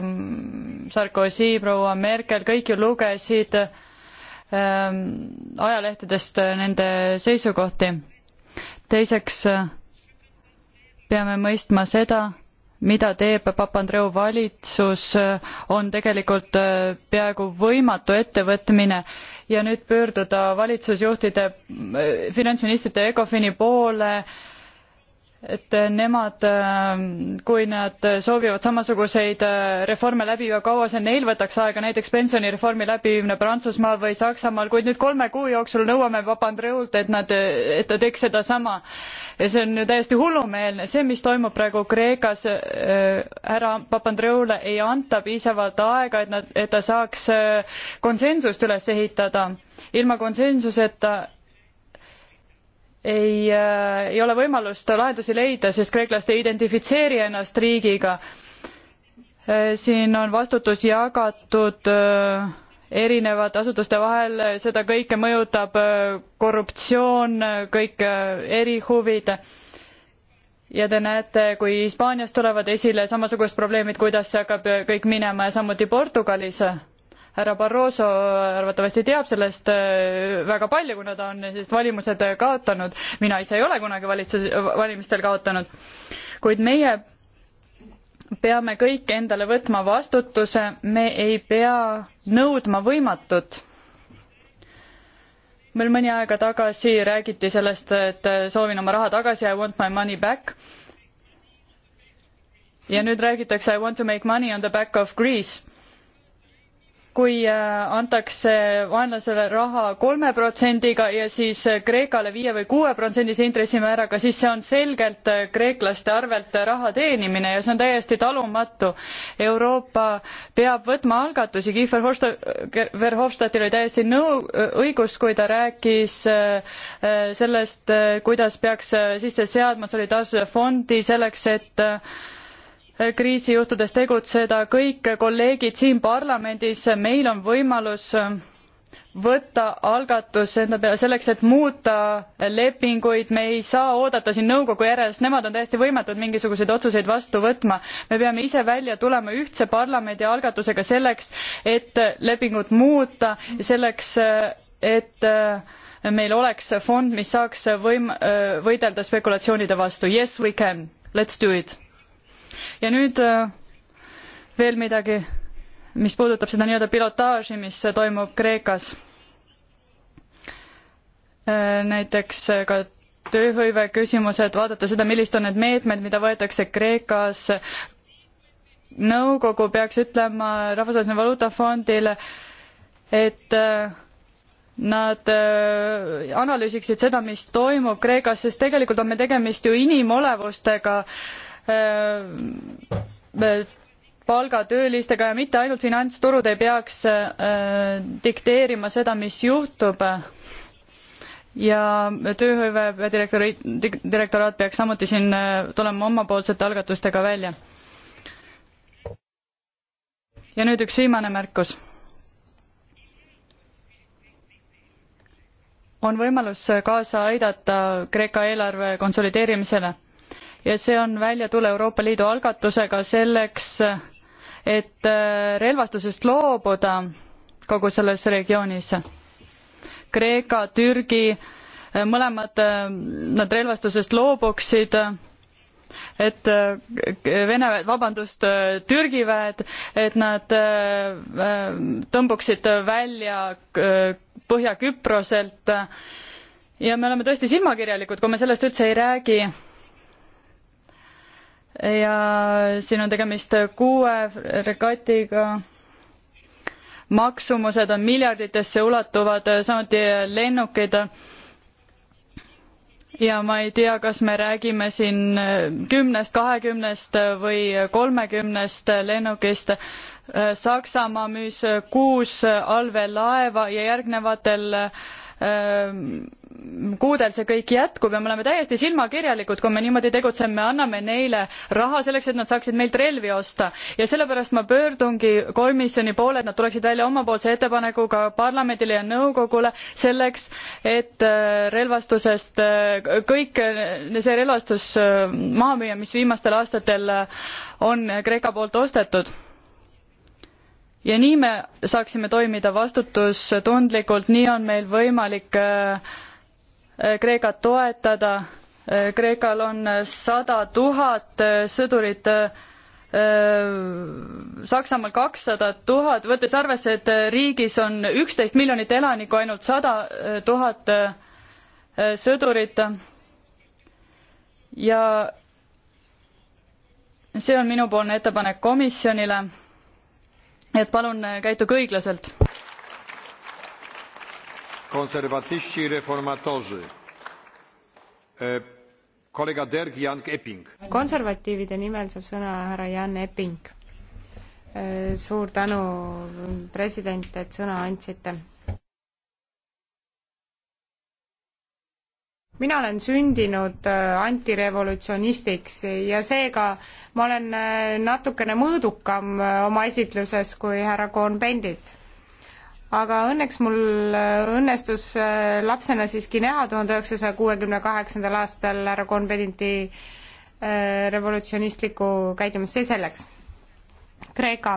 Sarkozy, proua Merkel, kõik ju lugesid ähm, ajalehtedest nende seisukohti. teiseks peame mõistma seda, mida teeb Papandreou valitsus, on tegelikult peaaegu võimatu ettevõtmine ja nüüd pöörduda valitsusjuhtide, finantsministrite ECOFIN-i poole äh, et nemad, ähm, kui nad soovivad samasuguseid äh, reforme läbi viia, kaua see neil võtaks aega, näiteks pensionireformi läbiviimine Prantsusmaal või Saksamaal, kuid nüüd kolme kuu jooksul nõuame Papandreult, et nad, et ta teeks sedasama. ja see on ju täiesti hullumeelne, see, mis toimub praegu Kreekas, äh, härra Papandreule ei anta piisavalt aega, et nad, et ta saaks äh, konsensust üles ehitada. ilma konsensuseta ei, äh, ei ole võimalust lahendusi leida, sest kreeklased ei identifitseeri ennast riigiga. Äh, siin on vastutus jagatud äh, erinevate asutuste vahel, seda kõike mõjutab korruptsioon, kõik erihuvid. ja te näete, kui Hispaanias tulevad esile samasugused probleemid, kuidas see hakkab kõik minema ja samuti Portugalis härra Barroso arvatavasti teab sellest äh, väga palju, kuna ta on sellised valimused äh, kaotanud. mina ise ei ole kunagi valitsus, valimistel kaotanud. kuid meie peame kõik endale võtma vastutuse, me ei pea nõudma võimatut veel mõni aega tagasi räägiti sellest, et äh, soovin oma raha tagasi, I want my money back. ja nüüd räägitakse I want to make money on the back of Greece kui äh, antakse vaenlasele raha kolme protsendiga ja siis äh, Kreekale viie või kuue protsendise intressimääraga, siis see on selgelt äh, kreeklaste arvelt raha teenimine ja see on täiesti talumatu. Euroopa peab võtma algatusi, Kiefer Verhofstadtil oli täiesti nõu, õigus, kui ta rääkis sellest, kuidas peaks sisse seadma solidaarsuse fondi selleks, et kriisijuhtudes tegutseda, kõik kolleegid siin parlamendis, meil on võimalus võtta algatus enda peale selleks, et muuta lepinguid, me ei saa oodata siin nõukogu järjest, nemad on täiesti võimetud mingisuguseid otsuseid vastu võtma. me peame ise välja tulema ühtse parlamendi algatusega selleks, et lepingut muuta, selleks, et meil oleks fond, mis saaks võim-, võidelda spekulatsioonide vastu. Yes we can, let's do it ja nüüd äh, veel midagi, mis puudutab seda nii-öelda pilotaaži, mis toimub Kreekas. Äh, näiteks äh, ka tööhõive küsimused, vaadata seda, millised on need meetmed, mida võetakse Kreekas. nõukogu peaks ütlema Rahvusvahelisele Valuutafondile, et nad analüüsiksid seda, mis toimub Kreekas, sest tegelikult on meil tegemist ju inimolevustega äh, Äh, äh, palgatöölistega ja mitte ainult finantsturud ei peaks äh, dikteerima seda, mis juhtub ja tööhõive direktori, direktoraat peaks samuti siin tulema omapoolsete algatustega välja. ja nüüd üks viimane märkus. on võimalus kaasa aidata Kreeka eelarve konsolideerimisele ja see on välja tule Euroopa Liidu algatusega selleks, et äh, relvastusest loobuda kogu selles regioonis. Kreeka, Türgi, äh, mõlemad äh, nad relvastusest loobuksid, et Vene, vabandust, Türgi väed, et nad tõmbuksid välja Põhja-Küproselt ja me oleme tõesti silmakirjalikud, kui me sellest üldse ei räägi ja siin on tegemist kuue regatiga. maksumused on miljarditesse ulatuvad, samuti lennukid. ja ma ei tea, kas me räägime siin kümnest, kahekümnest või kolmekümnest lennukist. Saksamaa müüs kuus allveelaeva ja järgnevatel ähm, kuudel see kõik jätkub ja me oleme täiesti silmakirjalikud, kui me niimoodi tegutseme, anname neile raha selleks, et nad saaksid meilt relvi osta ja sellepärast ma pöördungi komisjoni poole, et nad tuleksid välja omapoolse ettepanekuga parlamendile ja nõukogule selleks, et äh, relvastusest äh, kõik äh, see relvastus maha müüa, mis viimastel aastatel on Kreeka poolt ostetud ja nii me saaksime toimida vastutustundlikult, nii on meil võimalik äh, Äh, Kreekat toetada. Äh, Kreekal on sada tuhat äh, sõdurit Saksamaal kakssada tuhat, võttes arvesse, et riigis on üksteist miljonit elanikku, ainult sada tuhat sõdurit. ja see on minupoolne ettepanek komisjonile. et palun käituge õiglaselt konserwatyści i reformatorzy e, kollega Dirk Jan Epping. konservatiivide nimel saab sõna härra Jan Epping. E, suur tänu, president, et sõna andsite. mina olen sündinud e, antirevolutsionistiks ja seega ma olen natukene mõõdukam oma esitluses kui härra Cohn-Bendit aga õnneks mul äh, õnnestus äh, lapsena siiski näha tuhande üheksasaja kuuekümne kaheksandal aastal härra Konvedinti äh, revolutsionistlikku käitumist, see selleks. Kreeka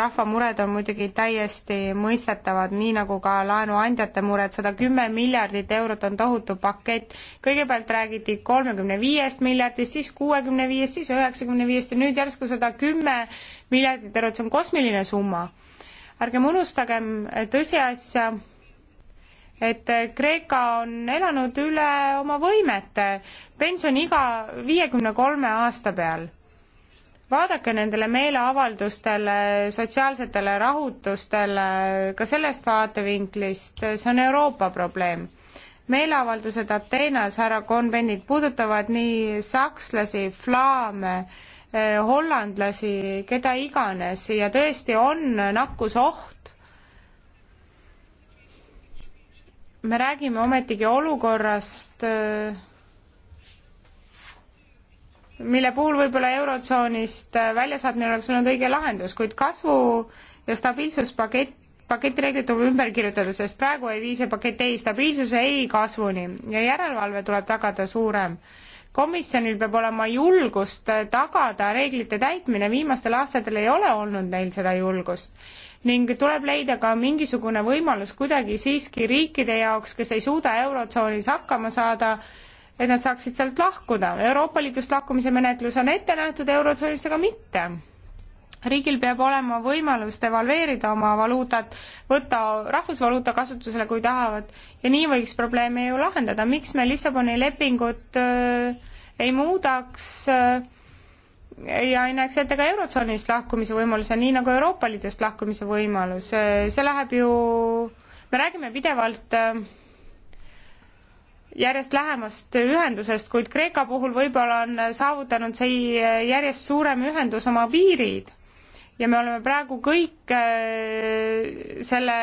rahva mured on muidugi täiesti mõistetavad, nii nagu ka laenuandjate mured, sada kümme miljardit eurot on tohutu pakett, kõigepealt räägiti kolmekümne viiest miljardist, siis kuuekümne viiest, siis üheksakümne viiest ja nüüd järsku sada kümme miljardit eurot, see on kosmiline summa ärgem unustagem eh, tõsiasja, et eh, Kreeka on elanud üle oma võimete, pensioniiga viiekümne kolme aasta peal. vaadake nendele meeleavaldustele, sotsiaalsetele rahutustele ka sellest vaatevinklist, eh, see on Euroopa probleem. meeleavaldused Ateenas, härra Konvendid, puudutavad nii sakslasi, flaame, Eh, hollandlasi, keda iganes ja tõesti on nakkusoht. me räägime ometigi olukorrast, eh, mille puhul võib-olla eurotsoonist eh, väljasaatmine oleks olnud õige lahendus, kuid kasvu ja stabiilsuspakett paketi reeglid tuleb ümber kirjutada, sest praegu ei vii see pakett ei stabiilsuse, ei kasvuni ja järelevalve tuleb tagada suurem komisjonil peab olema julgust tagada reeglite täitmine, viimastel aastatel ei ole olnud neil seda julgust. ning tuleb leida ka mingisugune võimalus kuidagi siiski riikide jaoks, kes ei suuda Eurotsoonis hakkama saada, et nad saaksid sealt lahkuda. Euroopa Liidust lahkumise menetlus on ette nähtud, Eurotsoonist aga mitte riigil peab olema võimalus devalveerida oma valuutat, võtta rahvusvaluuta kasutusele, kui tahavad, ja nii võiks probleeme ju lahendada, miks me Lissaboni lepingut äh, ei muudaks äh, ja ei näeks ette ka Eurotsoonist lahkumise võimaluse, nii nagu Euroopa Liidust lahkumise võimalus äh,, see läheb ju, me räägime pidevalt äh, järjest lähemast ühendusest, kuid Kreeka puhul võib-olla on saavutanud see järjest suurem ühendus oma piirid ja me oleme praegu kõik äh, selle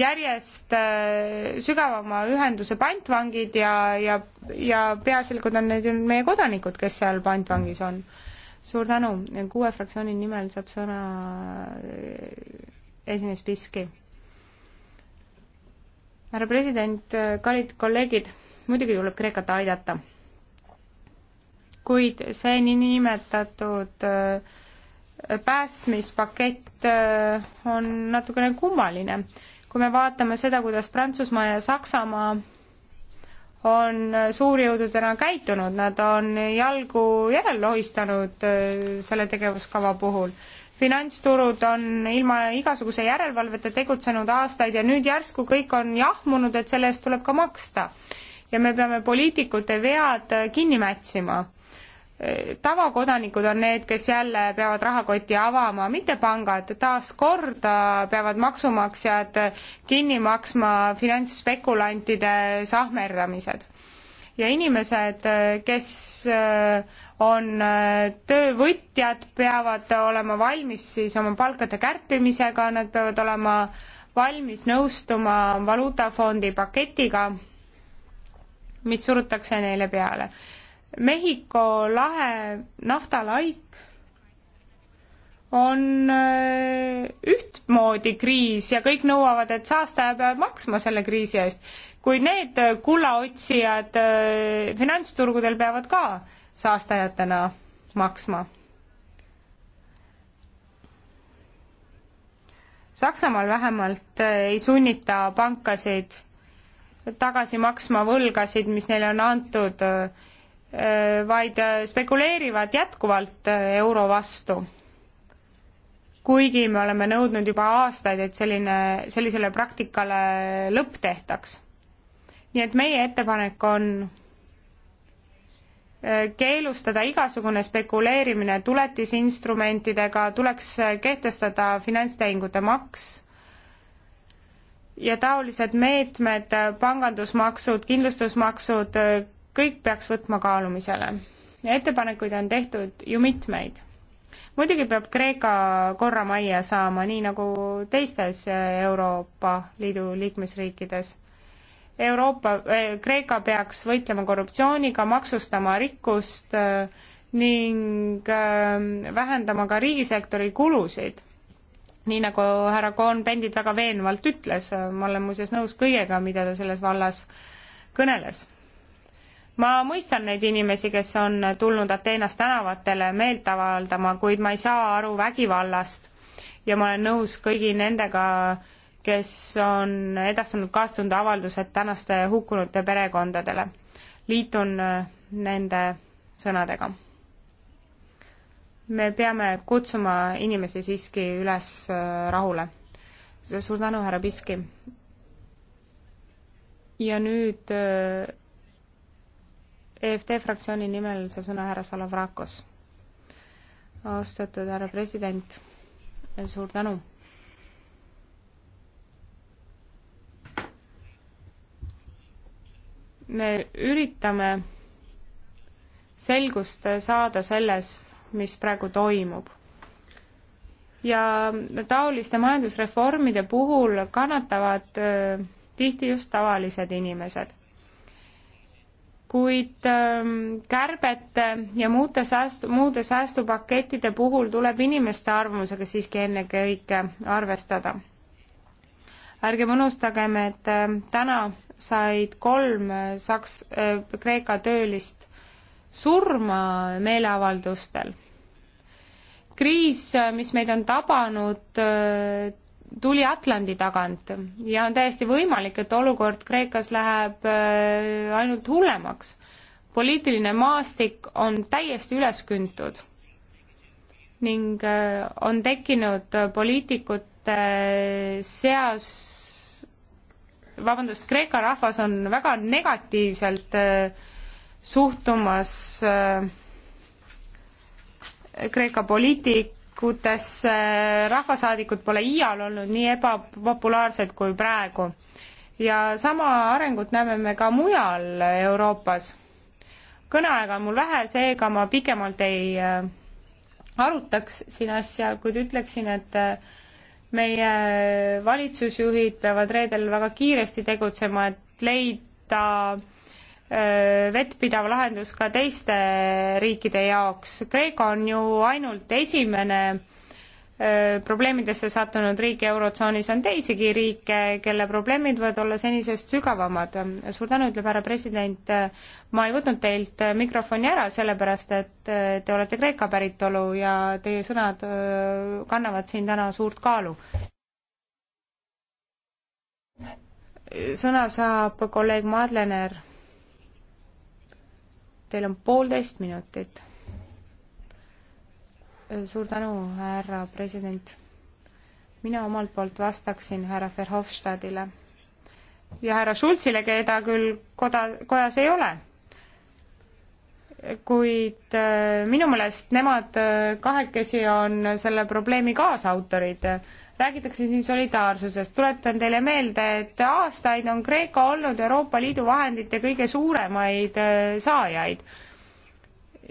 järjest äh, sügavama ühenduse pantvangid ja, ja, ja peaasjalikult on need ju meie kodanikud, kes seal pantvangis on. suur tänu, kuue fraktsiooni nimel saab sõna äh, esimees Piski. härra president, kallid kolleegid, muidugi tuleb Kreekat aidata. kuid see niinimetatud äh, päästmispakett äh, on natukene kummaline. kui me vaatame seda, kuidas Prantsusmaa ja Saksamaa on äh, suurjõududena käitunud, nad on jalgu järel lohistanud äh, selle tegevuskava puhul. finantsturud on ilma igasuguse järelevalveta tegutsenud aastaid ja nüüd järsku kõik on jahmunud, et selle eest tuleb ka maksta. ja me peame poliitikute vead kinni mätsima tavakodanikud on need, kes jälle peavad rahakoti avama, mitte pangad, taaskord äh, peavad maksumaksjad kinni maksma finantsspekulantide sahmerdamised ja inimesed, äh, kes äh, on töövõtjad, peavad olema valmis siis oma palkade kärpimisega, nad peavad olema valmis nõustuma valuutafondi paketiga, mis surutakse neile peale. Mehhiko lahe naftalaik on äh, ühtmoodi kriis ja kõik nõuavad, et saastaja peab maksma selle kriisi eest, kuid need äh, kullaotsijad äh, finantsturgudel peavad ka saastajatena maksma. Saksamaal vähemalt ei sunnita pankasid tagasi maksma võlgasid, mis neile on antud Äh, vaid äh, spekuleerivad jätkuvalt äh, euro vastu. kuigi me oleme nõudnud juba aastaid, et selline, sellisele praktikale lõpp tehtaks. nii et meie ettepanek on keelustada igasugune spekuleerimine tuletisinstrumentidega, tuleks kehtestada finantstehingute maks ja taolised meetmed, pangandusmaksud, kindlustusmaksud, kõik peaks võtma kaalumisele. ettepanekuid on tehtud ju mitmeid. muidugi peab Kreeka korra majja saama, nii nagu teistes Euroopa Liidu liikmesriikides. Euroopa äh,, Kreeka peaks võitlema korruptsiooniga, maksustama rikkust äh, ning äh, vähendama ka riigisektori kulusid nii nagu härra Cohn-Bendit väga veenvalt ütles, ma olen muuseas nõus kõigega, mida ta selles vallas kõneles ma mõistan neid inimesi, kes on tulnud Ateenas tänavatele meelt avaldama, kuid ma ei saa aru vägivallast ja ma olen nõus kõigi nendega, kes on edastanud kaastunde avaldused tänaste hukkunute perekondadele. liitun äh, nende sõnadega. me peame kutsuma inimesi siiski üles äh, rahule. suur tänu, härra Piski. ja nüüd äh, EFD fraktsiooni nimel saab sõna härra Salavrakos. austatud härra president, suur tänu. me üritame selgust saada selles, mis praegu toimub ja taoliste majandusreformide puhul kannatavad öö, äh, tihti just tavalised inimesed kuid ähm, kärbete ja muude säästu, muude säästupakettide puhul tuleb inimeste arvamusega siiski ennekõike arvestada. ärgem unustagem, et ähm, täna said kolm äh, Saks-, äh, Kreeka töölist surma meeleavaldustel. kriis, äh, mis meid on tabanud, tuli Atlandi tagant ja on täiesti võimalik, et olukord Kreekas läheb äh, ainult hullemaks. poliitiline maastik on täiesti üles küntud ning äh, on tekkinud äh, poliitikute seas, vabandust, Kreeka rahvas on väga negatiivselt suhtumas Kreeka poliitik-, valikutesse rahvasaadikud pole iial olnud nii ebapopulaarsed kui praegu. ja sama arengut näeme me ka mujal Euroopas. kõneaega on mul vähe, seega ma pikemalt ei äh, arutaks siin asja, kuid ütleksin, et äh, meie valitsusjuhid peavad reedel väga kiiresti tegutsema, et leida Äh, vettpidav lahendus ka teiste riikide jaoks. Kreeka on ju ainult esimene äh, probleemidesse sattunud riik Eurotsoonis on teisigi riike, kelle probleemid võivad olla senisest sügavamad. suur tänu, ütleb härra president. ma ei võtnud teilt äh, mikrofoni ära, sellepärast et te olete Kreeka päritolu ja teie sõnad kannavad siin täna suurt kaalu. sõna saab kolleeg Madlener Teil on poolteist minutit. suur tänu, härra president. mina omalt poolt vastaksin härra Verhofstadile ja härra Schulzile, keda küll koda, kojas ei ole. kuid äh, minu meelest nemad äh, kahekesi on selle probleemi kaasautorid räägitakse siin solidaarsusest. tuletan teile meelde, et aastaid on Kreeka olnud Euroopa Liidu vahendite kõige suuremaid äh, saajaid.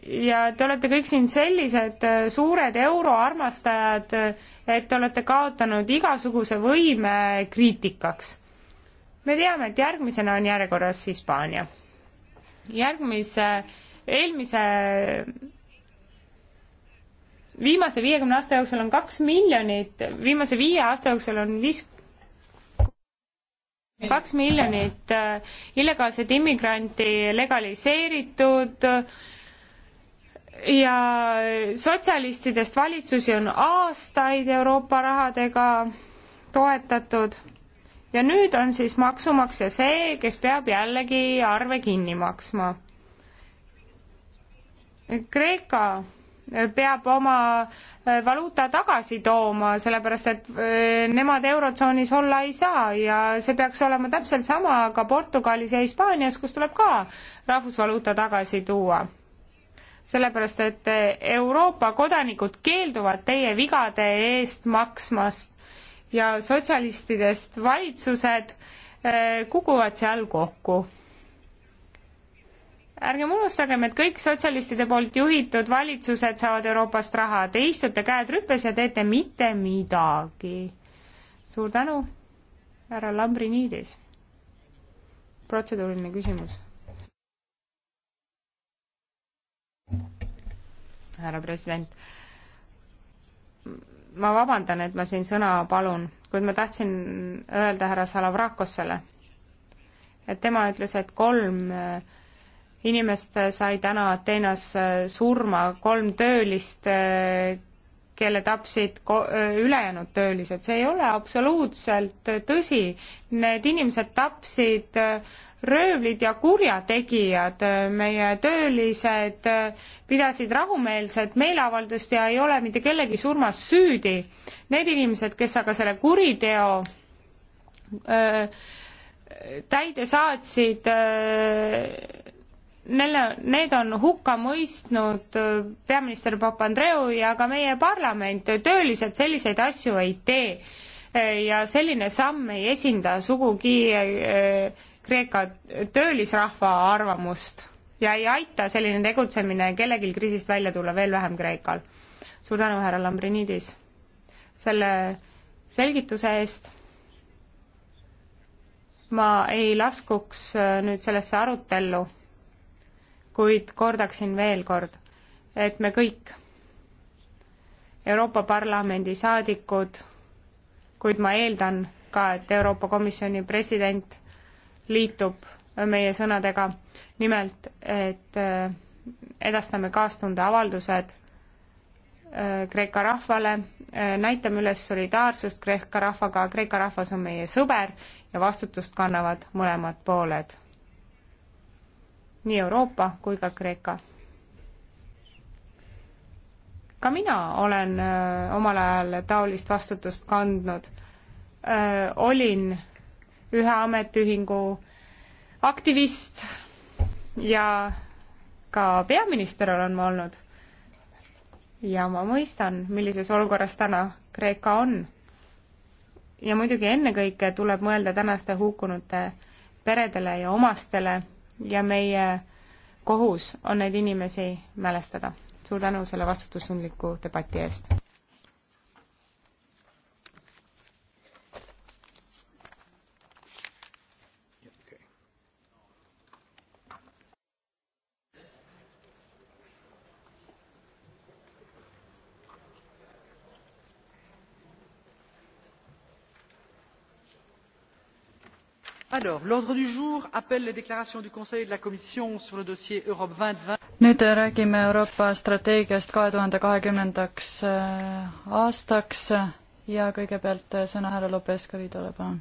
ja te olete kõik siin sellised äh, suured euroarmastajad, äh, et te olete kaotanud igasuguse võime kriitikaks. me teame, et järgmisena on järjekorras Hispaania. järgmise, eelmise viimase viiekümne aasta jooksul on kaks miljonit, viimase viie aasta jooksul on viis, kaks miljonit äh, illegaalset immigranti legaliseeritud ja sotsialistidest valitsusi on aastaid Euroopa rahadega toetatud ja nüüd on siis maksumaksja see, kes peab jällegi arve kinni maksma. Kreeka peab oma äh, valuuta tagasi tooma, sellepärast et äh, nemad Eurotsoonis olla ei saa ja see peaks olema täpselt sama ka Portugalis ja Hispaanias, kus tuleb ka rahvusvaluuta tagasi tuua. sellepärast, et äh, Euroopa kodanikud keelduvad teie vigade eest maksmast ja sotsialistidest valitsused kukuvad seal kokku ärgem unustagem, et kõik sotsialistide poolt juhitud valitsused saavad Euroopast raha, te istute käed rüpes ja teete mitte midagi. suur tänu, härra Lambrinidis. protseduuriline küsimus. härra president, ma vabandan, et ma siin sõna palun, kuid ma tahtsin öelda härra Salavrakosele, et tema ütles, et kolm äh, inimest sai täna Ateenas äh, surma, kolm töölist, äh, kelle tapsid ko-, äh, ülejäänud töölised, see ei ole absoluutselt tõsi. Need inimesed tapsid röövlid ja kurjategijad, meie töölised pidasid rahumeelset meeleavaldust ja ei ole mitte kellegi surmas süüdi. Need inimesed, kes aga selle kuriteo öö, täide saatsid, Nelle, need on hukka mõistnud äh, peaminister Papandreou ja ka meie parlament, töölised selliseid asju ei tee. Äh, ja selline samm ei esinda sugugi äh, Kreeka töölisrahva arvamust ja ei aita selline tegutsemine kellelgi kriisist välja tulla, veel vähem Kreekal. suur tänu, härra Lambrinidis, selle selgituse eest. ma ei laskuks nüüd sellesse arutellu kuid kordaksin veel kord, et me kõik, Euroopa Parlamendi saadikud, kuid ma eeldan ka, et Euroopa Komisjoni president liitub meie sõnadega, nimelt, et äh, edastame kaastunde avaldused äh, Kreeka rahvale, äh, näitame üles solidaarsust Kreeka rahvaga, Kreeka rahvas on meie sõber ja vastutust kannavad mõlemad pooled nii Euroopa kui ka Kreeka. ka mina olen öö, äh, omal ajal taolist vastutust kandnud. Äh, olin ühe ametiühingu aktivist ja ka peaminister olen ma olnud. ja ma mõistan, millises olukorras täna Kreeka on. ja muidugi ennekõike tuleb mõelda tänaste hukkunute peredele ja omastele ja meie kohus on neid inimesi mälestada. suur tänu selle vastutustundliku debati eest! l'ordre du jour appelle les déclarations du conseil et de la commission sur le dossier europe. 2020. nüüd räägime euroopa strateegiast kahe tuhande kahekümnendaks äh, aastaks ja kõigepealt äh, sõna härra lopez garridole palun.